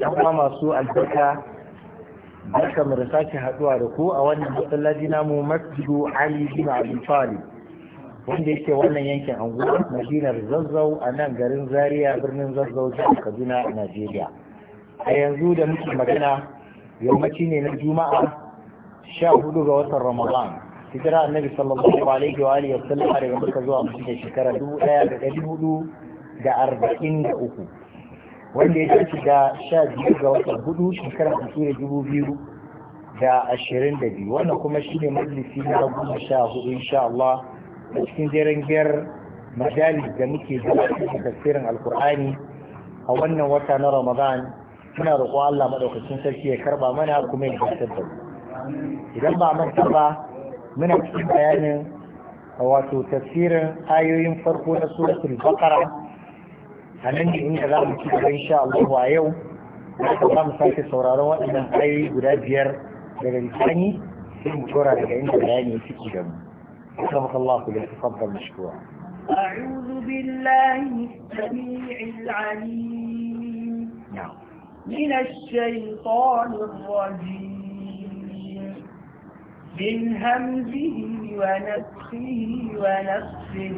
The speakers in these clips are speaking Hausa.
ya kuma masu albarka barka mu da sake haduwa da ku a wannan masallaci namu masjidu ali bin abi talib wanda yake wannan yankin anguwa madinar zazzau a nan garin zaria birnin zazzau jihar kaduna a najeriya a yanzu da muke magana yammaci ne na juma'a sha hudu ga watan ramadan hijira annabi sallallahu alaihi wa alihi wa sallam daga makka zuwa madina shekara dubu daya da dari hudu da arba'in da uku wanda ya tashi da sha biyu ga watan hudu shekarar da dubu biyu da ashirin da biyu wannan kuma shi ne majalisi na goma sha hudu insha Allah a cikin jeren gyar majalis da muke zuwa cikin tafsirin alkur'ani a wannan wata na ramadan muna roƙo Allah maɗaukacin sarki ya karba mana kuma ya gasar da idan ba manta ba muna cikin bayanin wato tafsirin ayoyin farko na suratul baqara a nan ne inda za mu ci gaba insha Allah a yau da za mu sake sauraron waɗannan ayoyi guda biyar daga bisani sai mu tura daga inda bayani ya ciki da mu سبحانك الله تفضل مشكورا أعوذ بالله السميع العليم من الشيطان الرجيم من همزه ونفخه ونفسه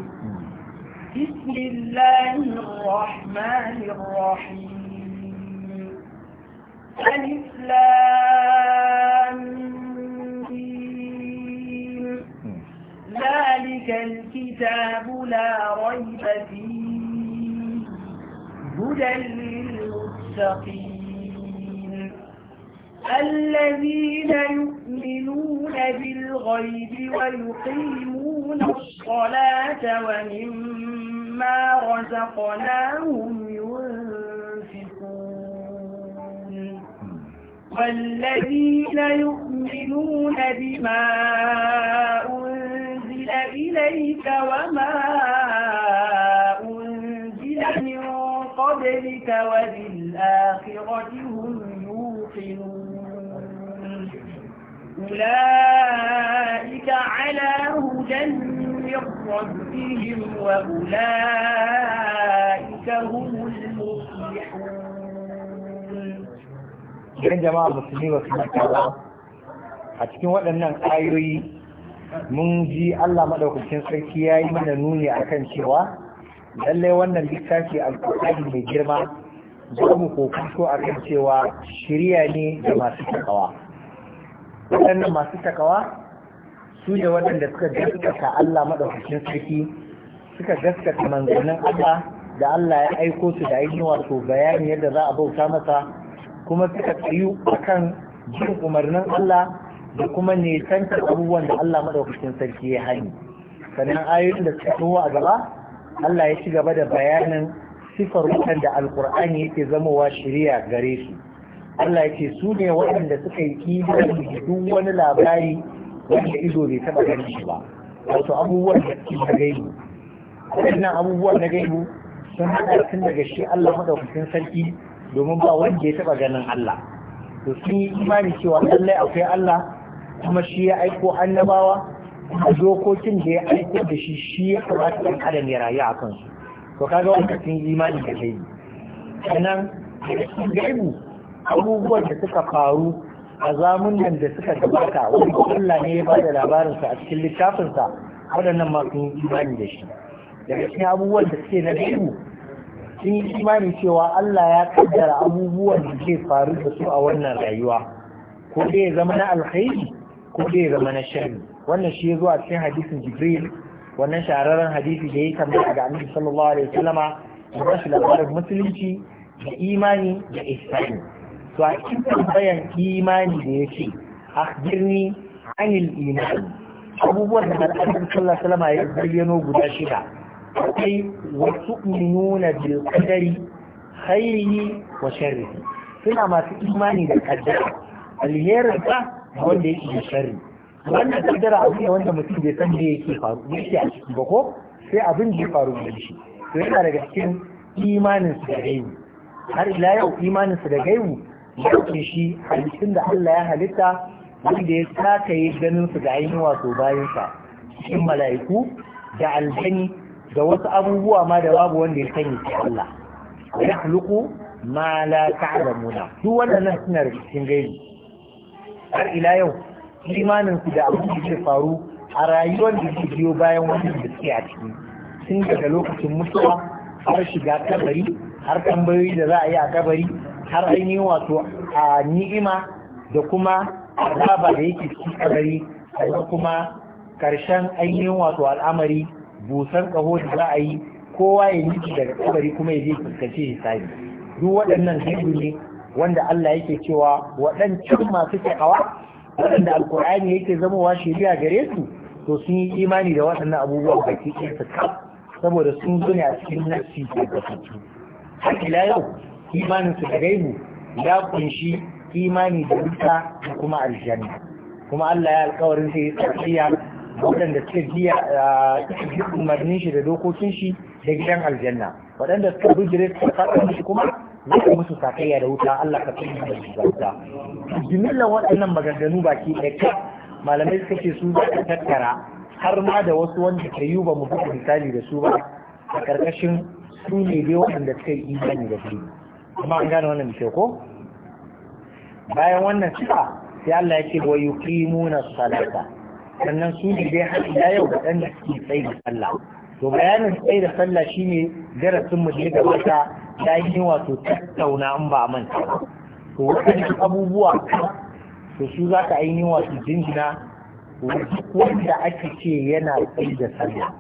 بسم الله الرحمن الرحيم ألف ذلك الكتاب لا ريب فيه هدى للمتقين الذين يؤمنون بالغيب ويقيمون الصلاة ومما رزقناهم ينفقون والذين يؤمنون بما أنزل إليك وما أنزل من قبلك وبالآخرة هم يوقنون أولئك على هدى ربهم وأولئك هم المفلحون Gidan jama'a musulmi wa suna a cikin waɗannan ayoyi mun ji Allah maɗaukacin sarki ya yi mana nuni a kan cewa lallai wannan littafi alƙur'ani mai girma za mu kokanto a kan cewa shirya ne da masu takawa. waɗannan masu takawa su ne waɗanda suka gaskata Allah maɗaukacin sarki suka gaskata manzannin Allah da Allah ya aiko su da ainihin wato bayani yadda za a bauta masa kuma suka tsayu akan jin umarnin Allah da kuma nisantar abubuwan da Allah maɗaukacin sarki ya hani sannan ayoyin da suka tuwo a gaba Allah ya ci gaba da bayanin sifar wutan da alkur'ani yake zamowa shiriya gare su. Allah ya ce su ne waɗanda suka yi kimanin duk wani labari wanda ido bai taɓa gani shi ba wato abubuwan da suke na gaibu waɗannan abubuwan na gaibu sun haɗa tun daga shi Allah madaukakin sarki domin ba wanda ya taɓa ganin Allah to sun yi imani cewa lallai akwai Allah kuma shi ya aiko annabawa a dokokin da ya aiko da shi shi ya kamata ɗan adam ya rayu a kansu to kaga wanda sun yi imani da gaibu sannan gaibu abubuwan da suka faru a zamunan da suka gabata wani Allah ne ya ba da labarinsa a cikin littafinsa waɗannan masu imani da shi daga cikin abubuwan da suke na biyu sun yi imani cewa Allah ya kaddara abubuwan da ke faru da su a wannan rayuwa ko dai ya zama na alkhairi ko dai ya zama na sharri wannan shi ya zo a cikin hadisin jibril wannan shahararren hadisi da ya tambaya ga annabi sallallahu alaihi wasallama da rashin labarin musulunci da imani da ihsani to a cikin bayan imani da ya yake akhbirni anil iman abubuwan da al'adun sallallahu alaihi wasallam ya bayyano guda shida akwai wa tu'minuna bil qadari khairihi wa sharrihi suna masu imani da kaddara alherin ba wanda yake da sharri wannan kaddara abu ne wanda mutum bai san da yake faru yake a ciki ba ko sai abin da ya faru da shi to yana daga cikin imanin su da gaibu har ila yau imanin su da gaibu yanke shi halittun da Allah ya halitta wanda ya yi ganin su ga ainihin wato bayansa cikin mala'iku da aljani da wasu abubuwa ma da babu wanda ya sani ke Allah ya haluku ma la muna duk wannan nan suna da cikin gaibi har ila yau imanin su da abin da ke faru a rayuwar da ke biyo bayan wannan da suke a ciki sun daga lokacin mutuwa har shiga kabari har tambayoyi da za a yi a kabari har ainihin wato a ni'ima da kuma azaba da yake cikin a da kuma karshen ainihin wato al'amari busar kaho da za a yi kowa ya niki daga kabari kuma ya je fuskanci hisabi duk waɗannan hindu ne wanda Allah yake cewa waɗancan masu ta'awa waɗanda alkur'ani yake zamowa shari'a gare su to sun yi imani da waɗannan abubuwan baki ɗaya su saboda sun zo ne a cikin nafsi da su har ila yau imaninsu da gaibu ya kunshi imani da duka da kuma aljanna kuma Allah ya alkawarin zai tsarkiya waɗanda suka biya ji umarnin shi da dokokin shi da gidan aljanna waɗanda suka bijire suka faɗa shi kuma zai musu sakayya da wuta Allah ka tsaya da wuta jimillan waɗannan maganganu baki ɗaya malamai suka ce su za ka tattara har ma da wasu wanda ta yi ba mu buɗe misali da su ba a ƙarƙashin su ne dai waɗanda suka yi imani da su kuma an gane wannan ke ko bayan wannan sifa sai Allah ya ce wa yuqimuna salata sannan su ne dai har ila yau da dan suke tsayi da sallah to bayanin tsayi da sallah shine darasin mu da gabata da yin wato tattauna an ba manta to wannan abubuwa to su za ka ainihin wato jingina wanda ake ce yana tsayi da sallah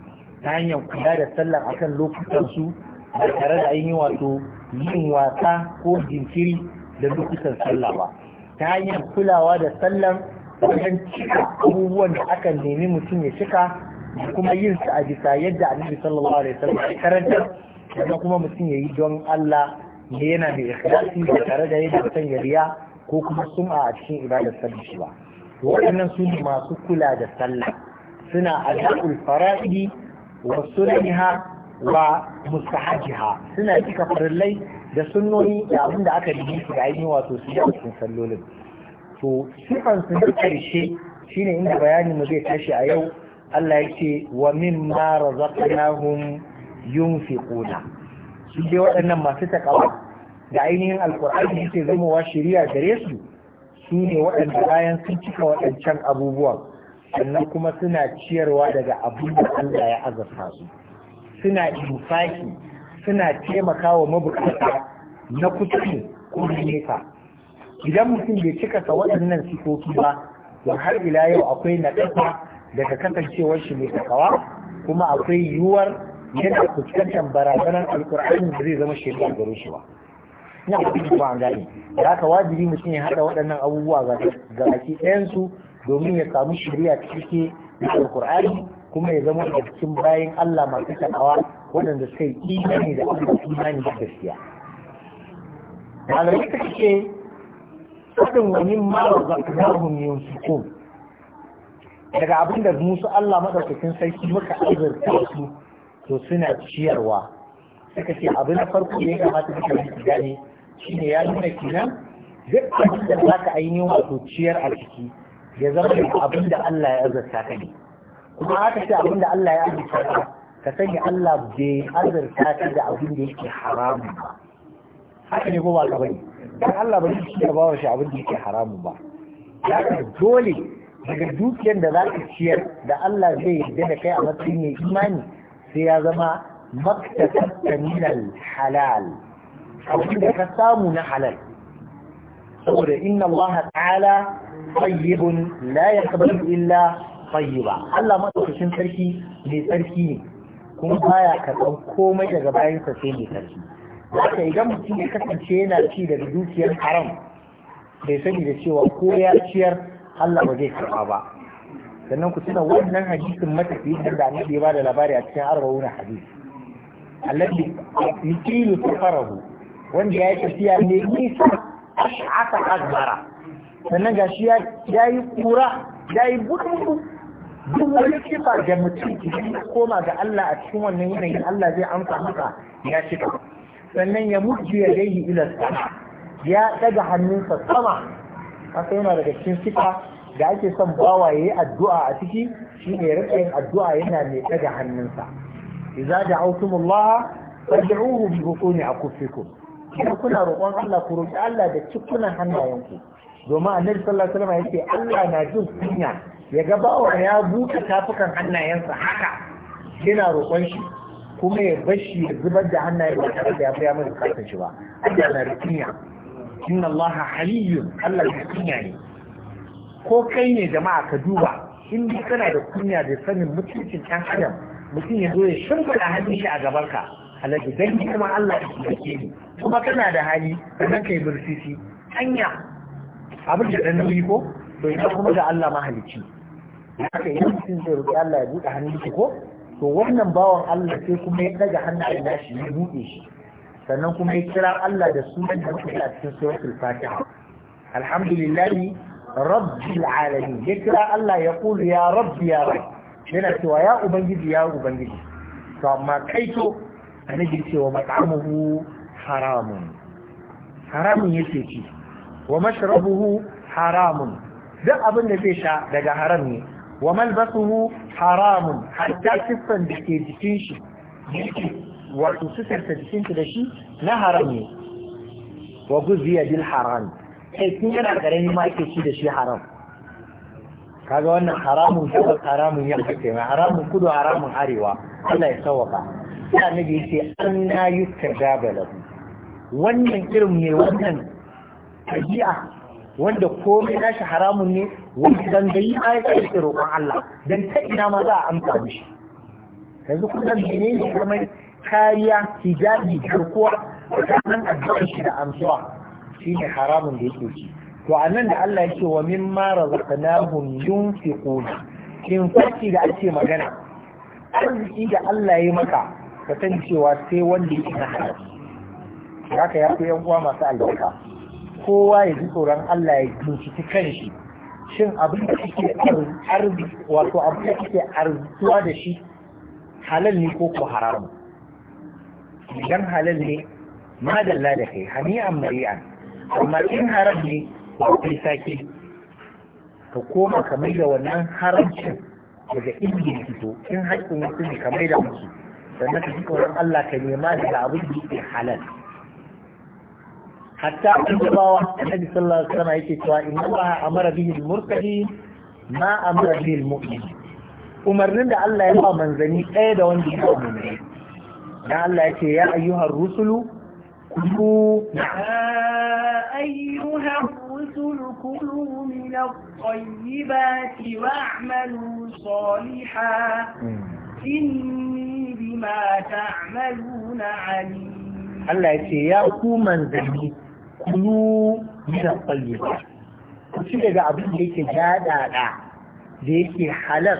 ta hanyar kula da sallah akan lokutan su ba tare da ainihin wato yin wasa ko jinkiri da lokutan sallah ba ta hanyar kulawa da sallan wajen cika abubuwan da aka nemi mutum ya cika da kuma yin su a bisa yadda annabi sallallahu alaihi wasallam ya karanta da kuma mutum ya yi don Allah ne yana da ikhlasi da tare da yadda mutum ya riya ko kuma sum'a a cikin ibadar sallah ba waɗannan su masu kula da sallah suna adabul fara'idi wa sunaniha wa mustahajiha suna cika farillai da sunnoni da abin da aka rubi su da ainihin wato su yi a cikin sallolin to sifan sun na karshe shine inda bayanin mu zai tashi a yau Allah yake wa mimma razaqnahum yunfiquna su dai waɗannan masu takawa da ainihin alkur'ani yake zamowa shari'a gare su su ne waɗanda bayan sun cika waɗancan abubuwan sannan kuma suna ciyarwa daga abin da Allah ya azurta su suna infaki suna taimakawa mabukata na kuci ko nesa idan mutum bai cika sa waɗannan sifofi ba to har ila yau akwai naƙasa daga kasancewar shi mai takawa kuma akwai yiwuwar yana fuskantar barazanar Alƙur'ani da zai zama shari'a gare shi ba ina kuma an gane da haka wajibi mutum ya haɗa waɗannan abubuwa ga baki ɗayansu domin ya samu shari'a cike da alkur'ani kuma ya zama da cikin bayan Allah masu takawa waɗanda suka yi imani da Allah imani da gaskiya malamai ta ce sadin wani mara yanzu ko? daga abin da musu Allah madaukakin sarki muka azurta su to suna ciyarwa suka ce abin na farko da ya kamata duka su gane ne ya nuna kenan duk abin da za ka ainihin wato ciyar a ciki ya zama abin da Allah ya azurta ka ne kuma aka ce abinda Allah ya azurta ka ka sani Allah bai azurta ka da abin da yake haramun ba haka ne ko ba ka bane dan Allah bai shi ya bawa shi abin da yake haramun ba ya ka dole daga dukiyar da za ka ciyar da Allah zai yarda da kai a matsayin mai imani sai ya zama maktasabta minal halal abin da ka samu na halal saboda inna Allah ta'ala tayyibun la yaqbalu illa tayyiba Allah madaukakin sarki mai sarki ne kuma baya karɓar komai daga bayansa sai mai sarki haka idan mutum ya kasance yana ci daga dukiyar haram bai sani da cewa ko ya ciyar Allah ba zai karɓa ba sannan ku tuna wannan hadisin matafi da annabi ba da labari a cikin arba'un hadisi alladhi yuqilu safarahu wanda ya tafiya ne nisa ash'ata azbara sannan gashi ya yi kura ya yi bukuku duk wani kifa da mutum ya koma ga Allah a cikin wannan yanayin Allah zai amsa maka ya cika sannan ya mutu ya dai ila sama ya daga hannunsa sama haka yana daga cikin sifa da ake son bawa yi addu'a a ciki shine ya rika yin addu'a yana mai daga hannunsa idza da'awtumullaha fad'uhu bi butuni akufikum idan kuna roƙon Allah ku roƙi Allah da cikunan hannayenku domin annabi sallallahu alaihi wasallam ce Allah na jin kunya ya ga bawa ya buka tafukan hannayensa haka yana roƙon shi kuma ya bashi ya zubar da hannaye ba tare da ya fi mai kasa shi ba Allah na da kunya inna Allah haliyun Allah da kunya ne ko kai ne jama'a ka duba in dai kana da kunya da sanin mutuncin ɗan adam mutum ya zo ya shimfiɗa hannun shi a gaban ka alaji dan kuma Allah ya ke ne. kuma kana da hali sannan kai bursisi hanya abin da ɗan nauyi ko to ita kuma da Allah ma mahalicci haka idan mutum zai roƙi Allah ya buɗe hannun shi ko to wannan bawan Allah sai kuma ya ɗaga hannayen shi, ya buɗe shi sannan kuma ya kira Allah da sunan da muke a cikin suratul Fatiha alhamdulillahi rabbil alamin ya kira Allah ya kula ya rabbi ya rabbi yana cewa ya ubangiji ya ubangiji to amma kai to annabi cewa mat'amuhu haramun haramun yake ci wa mashrabuhu haramun duk abin da zai sha daga haram ne wa malbasuhu haramun hatta siffan da ke jikin shi wato sutarta jikin shi da shi na haram ne wa guziya bil haram kai tun yana karami ma ake ci da shi haram kaga wannan haramun gabas haramun yamma ce mai haramun kudu haramun arewa Allah ya sawaka sai annabi yace an na yukta gabalahu wannan irin ne wannan tabi'a wanda komai nashi haramun ne wanda dangayi ma ya kai roƙon Allah dan ta ina ma za a amsa mishi yanzu kun san menene ne kuma kariya hijabi garkuwa tsakanin addu'a shi da amsuwa shine haramun da yake ci to anan da Allah ya ce wa mimma razaqnahum yunfiquna in farki da ake magana arziki da Allah ya maka ka san cewa sai wanda yake na halal haka ya fi yan uwa masu albarka kowa ya ji tsoron Allah ya binciki kanshi shin abin da kake arzi wato abin da kake arzuwa da shi halal ne ko ko haram idan halal ne madalla da kai hani'an mari'an amma in haram ne ba kai sake ka koma ka maida wannan haramcin daga inda ya fito in haƙƙin wasu ne ka da musu sannan ka ji tsoron Allah ka nema daga abin da yake halal حتى أن النبي صلى الله عليه وسلم يتيت إن الله أمر به المرتدين ما أمر به المؤمن أمر نبي الله يبقى من زني أيضا وانجي المؤمن يا الله يا أيها الرسل كلوا يا أيها الرسل كلوا من الطيبات واعملوا صالحا إني بما تعملون عليم الله يتي يا أكو من زني kunu mina tsayyaba ku ci daga abin da yake jadada da yake halal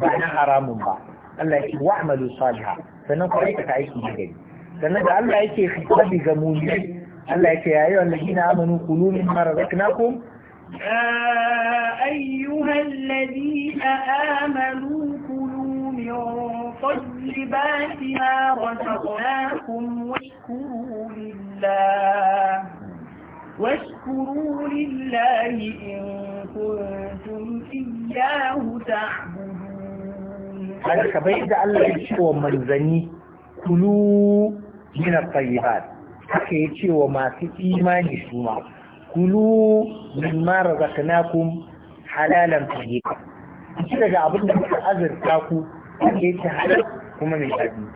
ba na haramun ba Allah yake amalu salihah sannan ku aika aikata aiki da gari sannan da Allah yake fitabi ga mu'minai Allah yake ya ayyuhal ladina amanu kulu mimma razaqnakum يا أيها الذين آمنوا كلوا من طيبات ما رزقناكم واشكروا لله واشكروا لله إن كنتم إياه تعبدون هذا كبير الله يشكو منزني كلوا من الطيبات حكيتي وما في إيمان سمع كلوا مما رزقناكم حلالا طيبا كده جا عبدنا أزر تاكو حكيتي حلال كما من الأبن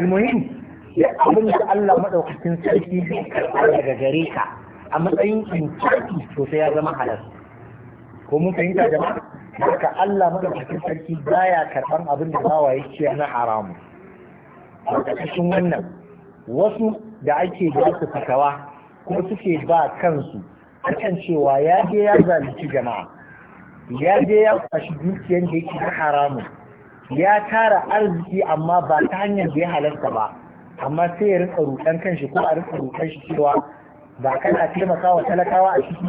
المهم يا أبن الله ما دوقتين سيكي على جريكا a matsayin intaki to sai ya zama halal ko mun fahimta jama'a haka Allah madaukakin sarki baya karban abin da bawa yake na haramu a cikin wannan wasu da ake da su fatawa ko suke ba kansu akan cewa ya je ya zalunci jama'a ya je ya kwashi dukiyar da yake na haramu ya tara arziki amma ba ta hanyar da ya halarta ba amma sai ya rinka rukan kanshi ko a rinka rukan shi cewa ba kana taimaka wa talakawa a ciki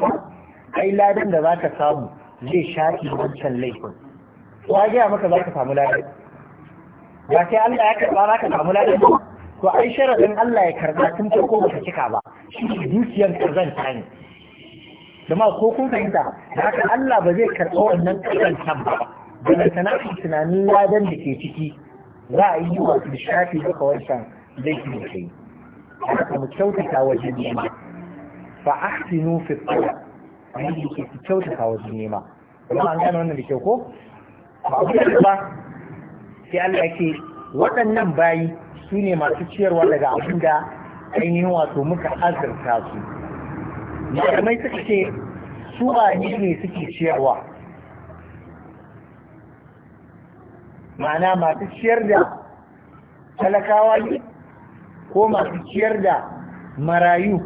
Ai ladan da za ka samu zai shafi wancan laifin wa gaya maka za ka samu ladan ba sai Allah ya karɓa za ka samu ladan to ai sharadin Allah ya karɓa tun ko ba ka cika ba shi dukiyar karzanta ne ma ko kun fahimta da haka Allah ba zai karɓa wannan karzantan ba daga sana'ar tunanin ladan da ke ciki za a yi wa shafi duka wancan laifin da ke yi. Mu kyautata wajen nema. fa ahsinu fi talab ke ki kyauta kyautata wajen nema kuma an gane wannan da kyau ko ba abu da ba sai Allah ke waɗannan bayi su ne masu ciyarwa daga abin da ainihin wato muka azurta su malamai suka ce su ba ne suke ciyarwa ma'ana masu ciyar da talakawa ne ko masu ciyar da marayu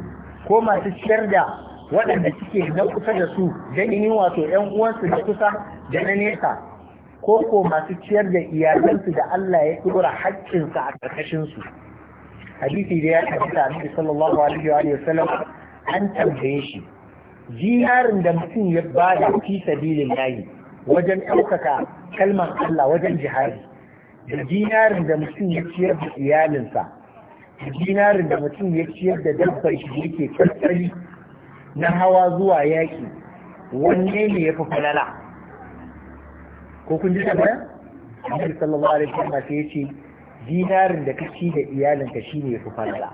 ko masu ciyar da waɗanda suke na kusa da su dangin wato ‘yan uwansu da kusa da na nesa ko ko masu ciyar da iyalansu da Allah ya tura haƙƙinsa a ƙarƙashinsu. Hadisi da ya ta Annabi sallallahu alaihi wa sallam an tambaye shi Zinarin da mutum ya ba da fi sabilin layi wajen ɗaukaka kalmar Allah wajen jihadi da zinarin da mutum ya ciyar da iyalinsa dinarin da mutum ya ciyar da dabbar shi yake karkari na hawa zuwa yaƙi wanne ne ya fi falala ko kun ji tambaya Annabi sallallahu alaihi wasallam sai ya ce dinarin da ka ci da iyalinka shine ya fi falala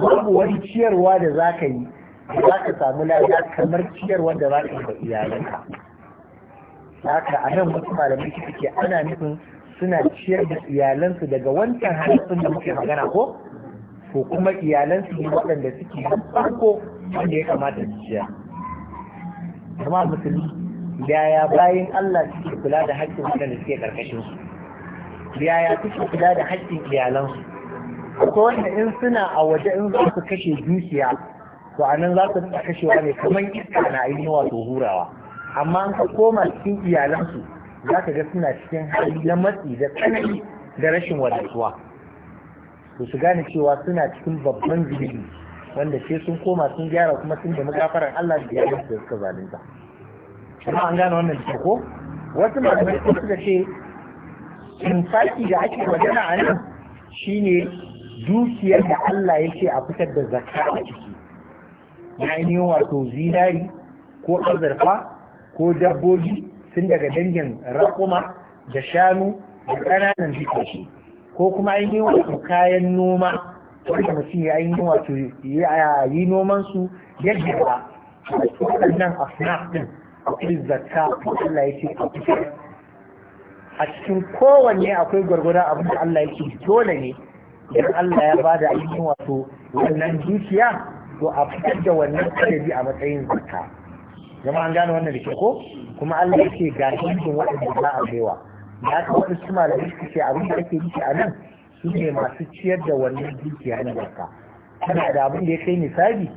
babu wani ciyarwa da za ka yi da za ka samu lafiya kamar ciyarwa da za ka yi da iyalinka haka a nan wasu malamai suke ana nufin suna ciyar da iyalansu daga wancan halittun da muke magana ko ko kuma iyalansu ne waɗanda suke farko wanda ya kamata su ciyar kuma musulmi yaya bayan Allah suke kula da haƙƙin waɗanda suke ƙarƙashin su yaya suke kula da haƙƙin iyalansu ko wanda in suna a waje in za su kashe dukiya to a nan za su kashewa ne kamar iska na ainihin wato hurawa amma an ka koma cikin iyalansu za ka ga suna cikin hali na matsi da tsanani da rashin wadatuwa to su gane cewa suna cikin babban zunubi wanda ce sun koma sun gyara kuma sun da magafaran Allah da ya da suka zalunta Kuma an gane wannan ce ko wasu malamai ko suka ce infaki da ake magana a nan shine dukiyar da Allah ya ce a fitar da zakka a ciki na ainihin wato zinari ko azurfa ko dabbobi tun daga dangin raƙuma da shanu da ƙananan shi ko kuma an yi wato kayan noma wanda mutum ya yi wato yi nomansu su yadda ba waɗannan asnaf a akwai zakka Allah ya ce a kusa a cikin kowanne akwai gwargwadon abin da Allah ya ce dole ne idan Allah ya bada ainihin wato wannan dukiya to a fitar da wannan adadi a matsayin zakka zama an gane wannan da ko kuma Allah yake ga cikin waɗanda za a baiwa da aka waɗansu malamai suke abin da ake yi a nan su ne masu ciyar da wannan dukiya na barka kana da abin da ya kai misali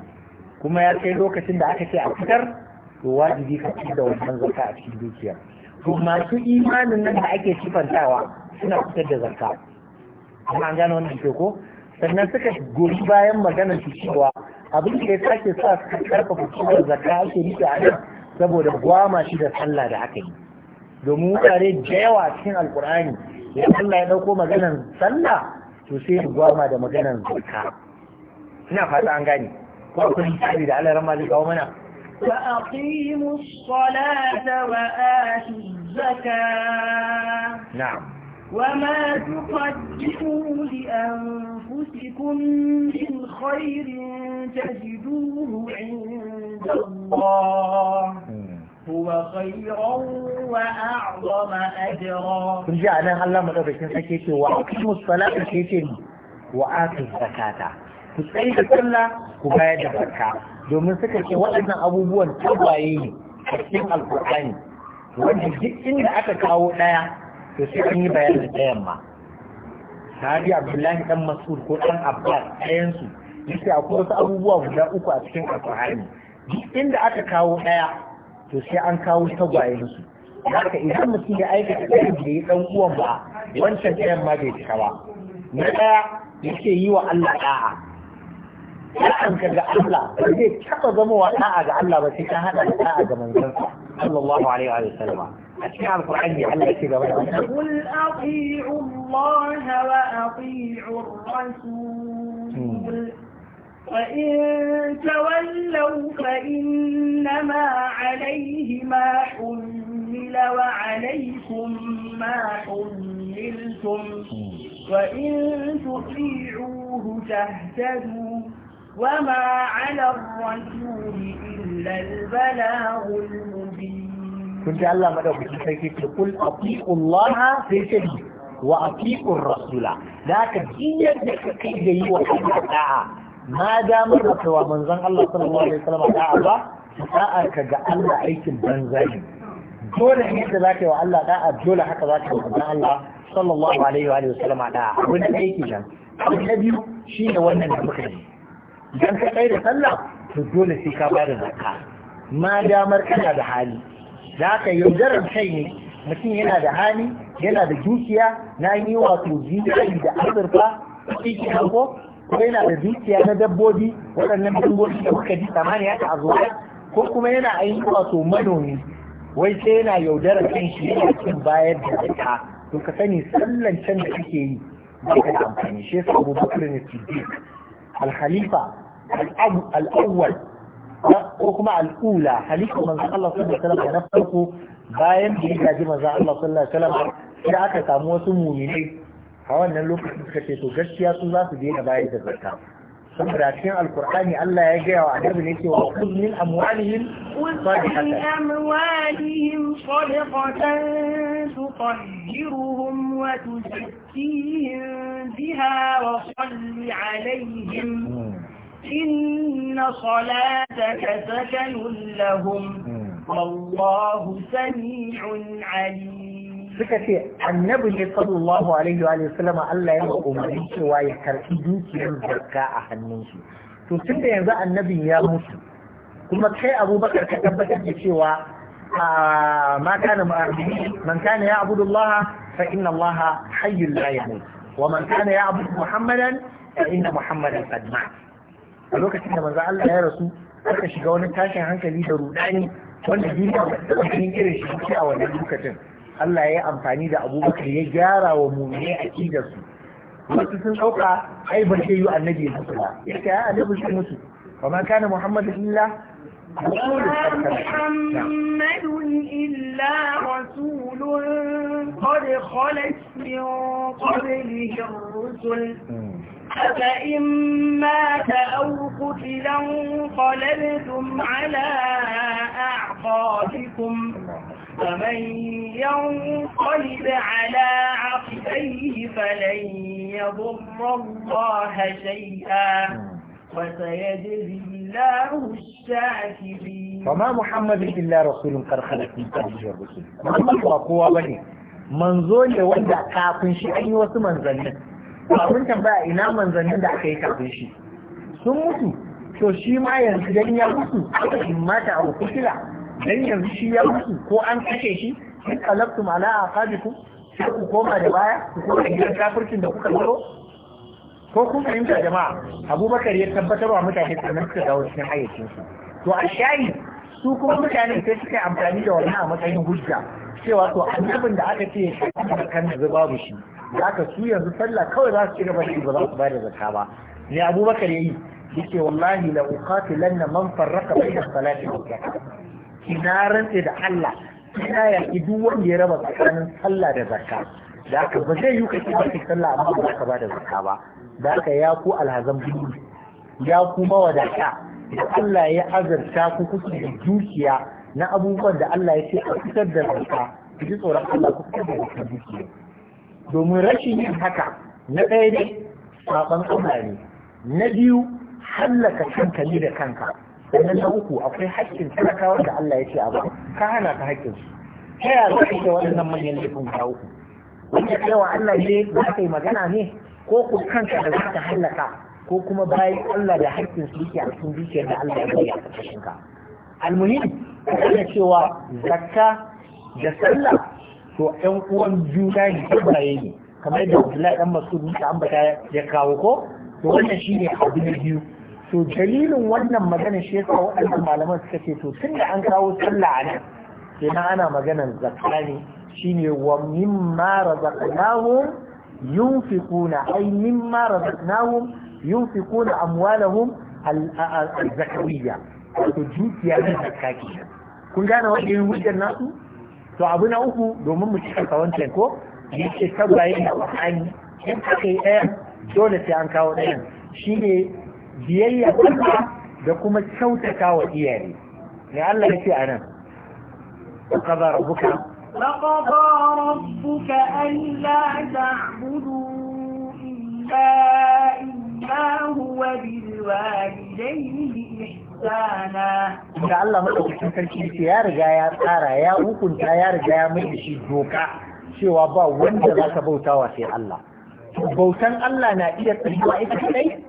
kuma ya kai lokacin da aka ce a fitar to wajibi ka ci da wannan zakka a cikin dukiya to masu imanin nan da ake sifantawa suna fitar da zakka amma an gane wannan ke ko sannan suka goyi bayan maganar su cewa abin da ya sake sa ka karfafa cikin zakka ake nufi a nan saboda gwama shi da sallah da aka yi domin wurare da yawa cikin alkur'ani idan Allah ya dauko maganar sallah to sai ya gwama da maganar zakka ina fata an gane ko akwai misali da Allah rama zai kawo mana وأقيموا الصلاة وآتوا الزكاة نعم وما تقدموا لأنفسكم من خير تجدوه عند الله هو خيرا وأعظم أجرا رجع أنا هلا مرة بس نسكت الصلاة كيف وآتي الزكاة تسأل الصلاة وبايع الزكاة دون من سكت وأنا أبو بون تبايني تسمع القرآن وأنا جئت إني أتكاو to sai an yi bayanin ɗayan ma sahabi abdullahi dan mas'ud ko dan abbas ɗayan su yace akwai wasu abubuwa guda uku a cikin alqur'ani duk inda aka kawo ɗaya to sai an kawo tagwayen su haka idan mutum ya aikata ɗayan da ya ɗan uwan ba wancan ɗayan ma bai cika ba na ɗaya yake yi wa Allah ɗa'a ka ga Allah ba zai taɓa zama wa ɗa'a ga Allah ba sai ta haɗa ɗa'a ga manzansa sallallahu alaihi wa sallam أشياء القرآن على كذا قل أطيعوا الله وأطيعوا الرسول وإن تولوا فإنما عليه ما حمل وعليكم ما حملتم وإن تطيعوه تهتدوا وما على الرسول إلا البلاغ المبين kun ji Allah madaukakin sarki ce kul atiullaha sai ce wa atiur rasula da haka diyar da ka kai da yi wa Allah da'a ma damar da cewa manzon Allah sallallahu alaihi wasallam da'a ba da'a ka ga Allah aikin banza ne dole ne da zaka yi wa Allah da'a dole haka zaka yi wa Allah sallallahu alaihi wa sallam da'a abin da yake nan abu na biyu shine wannan da muka yi idan ka kai da sallah to dole sai ka ba da zakka ma damar kana da hali da haka yaudarar kai ne mutum yana da hali yana da dukiya na yi wato jikin da azurfa cikin hango ko yana da dukiya na dabbobi waɗannan dabbobi da kuka ji samaniya haka a zuwa ko kuma yana ainihin wato manomi wai sai yana yaudarar kan shi yana cin bayar da zakka to ka sani sallan can da kake yi ba ka da amfani shi yasa Abu ne al-Khalifa al-Awwal ko kuma al'ula halittar manzan Allah sallallahu alaihi wasallam na farko bayan da ya gaji manzan Allah sallallahu da salama, sai aka samu wasu muminai a wannan lokacin suka ce to gaskiya su za su daina bayar da zakka saboda cikin alkur'ani Allah ya gaya wa annabi ne cewa khudh min amwalihim sadaqatan amwalihim sadaqatan tutahhiruhum wa tuzakkihim biha wa salli alaihim hmm. إن صلاتك سكن لهم والله سميع عليم suka ce annabi ne sallallahu alaihi wa sallama Allah ya umarni cewa ya karɓi dukiyar zakka a hannun shi to tun da yanzu annabin ya mutu kuma kai abubakar ka tabbatar da cewa ma kana man kana ya abudu Allah fa inna Allah hayyul la yamut wa man kana ya abudu Muhammadan fa inna Muhammadan qad mat a lokacin da manzo Allah ya rasu aka shiga wani tashin hankali da rudani wanda duniya ba ta cikin irin shi a wannan lokacin Allah ya yi amfani da Abubakar ya gyara wa mu'mini a kidarsu. wasu sun ɗauka ai ban sai yi annabi ya mutu ba yace ai annabi sai mutu wa ma kana Muhammadu illa محمد إلا رسول قد خلت من قبله الرسل أفإن مات أو قتلا انقلبتم على أعقابكم فمن ينقلب على عقبيه فلن يضر الله شيئا وسيجزي الله الشاكرين وما محمد إلا رسول قد خلت من قبله الرسول. محمد وقوة بني منزول وجع كافٍ شيء أي وسمن abin tambaya ina manzannin da aka yi kafin shi sun mutu to shi ma yanzu dan ya mutu aka mata a kutila dan yanzu shi ya mutu ko an kashe shi in mana ala aqabikum sai ku koma da baya ku koma gidan kafircin da kuka zo ko kun fahimta jama'a abubakar ya tabbatar wa mutane sannan suka dawo cikin hayyacinsu to a shayi su kuma mutane sai suka amfani da wannan a matsayin hujja cewa to annabin da aka ce kan da babu shi da aka su yanzu sallah kawai za su ci gaba da ba za su da zakka ba ne abubakar ya yayi yake wallahi la uqatilanna man farraqa bayna salati wa zakka ina rantsa da Allah ina ya duk wanda ya raba tsakanin sallah da zakka da aka ba zai yi kake ba sallah amma ba za ka bada zakka ba da ya ku alhazan bidi ya ku mawadata da Allah ya azarta ku kuke da dukiya na abubuwan da Allah ya ce a fitar da zakka ku ji tsoron Allah ku fitar da zakka dukiya domin rashin yin haka na ɗaya ne, saban Allah ne na biyu hallaka kanka ni da kanka sannan na uku akwai haƙƙin talakawar da Allah ya ce a ka hana ka haƙƙin su ta yaya za ka yi waɗannan manyan laifin guda uku wanda cewa Allah ne za ka yi magana ne ko ku kanka da za ka hallaka ko kuma bayan Allah da haƙƙin su yake a cikin zuciyar da Allah ya bari a ƙarƙashin ka almuhim ka cewa zakka da sallah to ƴan uwan biyu juna ne ibraye ne kamar yadda Abdullahi dan Mas'ud da ambata ya kawo ko to wannan shine abu na biyu to dalilin wannan magana shi yasa waɗannan malaman suka ce to tun da an kawo sallah a nan kenan ana maganar zakka ne shine wa mimma razaqnahum yunfiquna ay mimma razaqnahum yunfiquna amwalahum al-zakawiyya to dukiya ne zakka kenan kun gane wajen hujjar nasu to abu na uku domin mu cika wancan ko ya yake tabbaye da Qur'ani in aka yi ɗaya dole sai an kawo ɗayan Shi ne biyayya kuma da kuma kyautata wa iyaye ne Allah ya yake anan qadara rabbuka لقضى ربك ألا تعبدوا إلا إلا هو بالوالدين إحسانا da Allah maɗaukakin sarki ce ya riga ya tsara ya hukunta ya riga ya mai da shi doka cewa ba wanda za ka bauta wa sai Allah bautan Allah na iya tsayuwa ita kadai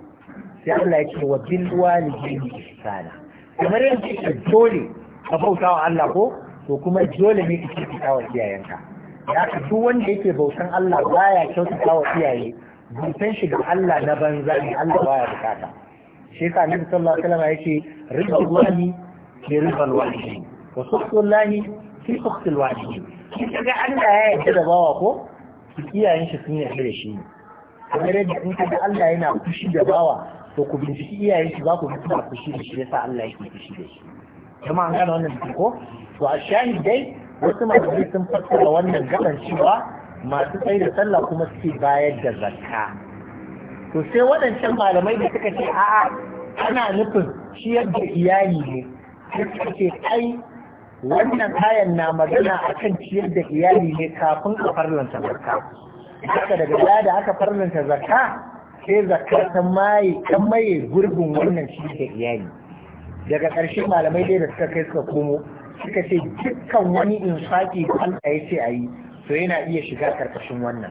sai Allah ya ce wa bil walidayni ihsana kamar yadda ce dole ka bauta wa Allah ko to kuma dole ne ka kyautata wa iyayenka ya ka duk wanda yake bautan Allah baya kyautata wa iyaye bautan shi ga Allah na banza ne Allah baya bukata shi yasa annabi sallallahu alaihi wasallam yake ribal wali bi ribal wali wa sukhtullahi fi sukhtil wali shi kaga Allah ya yarda da bawa ko iyayen shi sun yarda da shi kamar yadda in kaga Allah yana kushi da bawa to ku binciki iyayen shi za ku mutu da kushi da shi ya sa Allah yake kushi da shi kuma an gane wannan ko to a shahid dai wasu masu malamai sun fassara wannan gaban cewa masu tsaye da sallah kuma suke bayar da zakka to sai waɗancan malamai da suka ce a'a ana nufin ciyar da iyali ne suka ce ai wannan kayan na magana a kan ciyar da iyali ne kafin a farlanta zakka haka daga baya da aka farlanta zakka sai zakka ta maye kan maye gurbin wannan ciyar da iyali daga ƙarshen malamai dai da suka kai suka komo suka ce dukkan wani infaki da Allah ya ce a yi to yana iya shiga karkashin wannan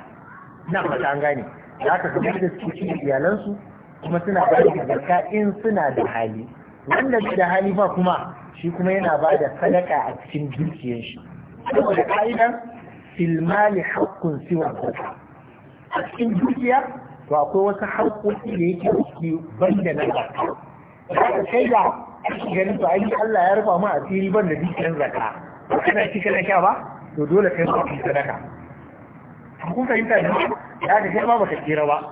na fata an gane da aka kamar da suke cin iyalansu kuma suna ba da zakka in suna da hali wanda da hali ba kuma shi kuma yana ba da sadaka a cikin dukiyar shi saboda ka'idan filmali haƙƙun siwa zakka a cikin dukiya to akwai wasu harkoki da yake ciki banda na zakka da kai da ganin to ai Allah ya rufa mu asiri ban banda dukiyar zakka kana ci kana sha ba to dole kai ka sadaka kun fahimta ne ya ga kai ma baka kira ba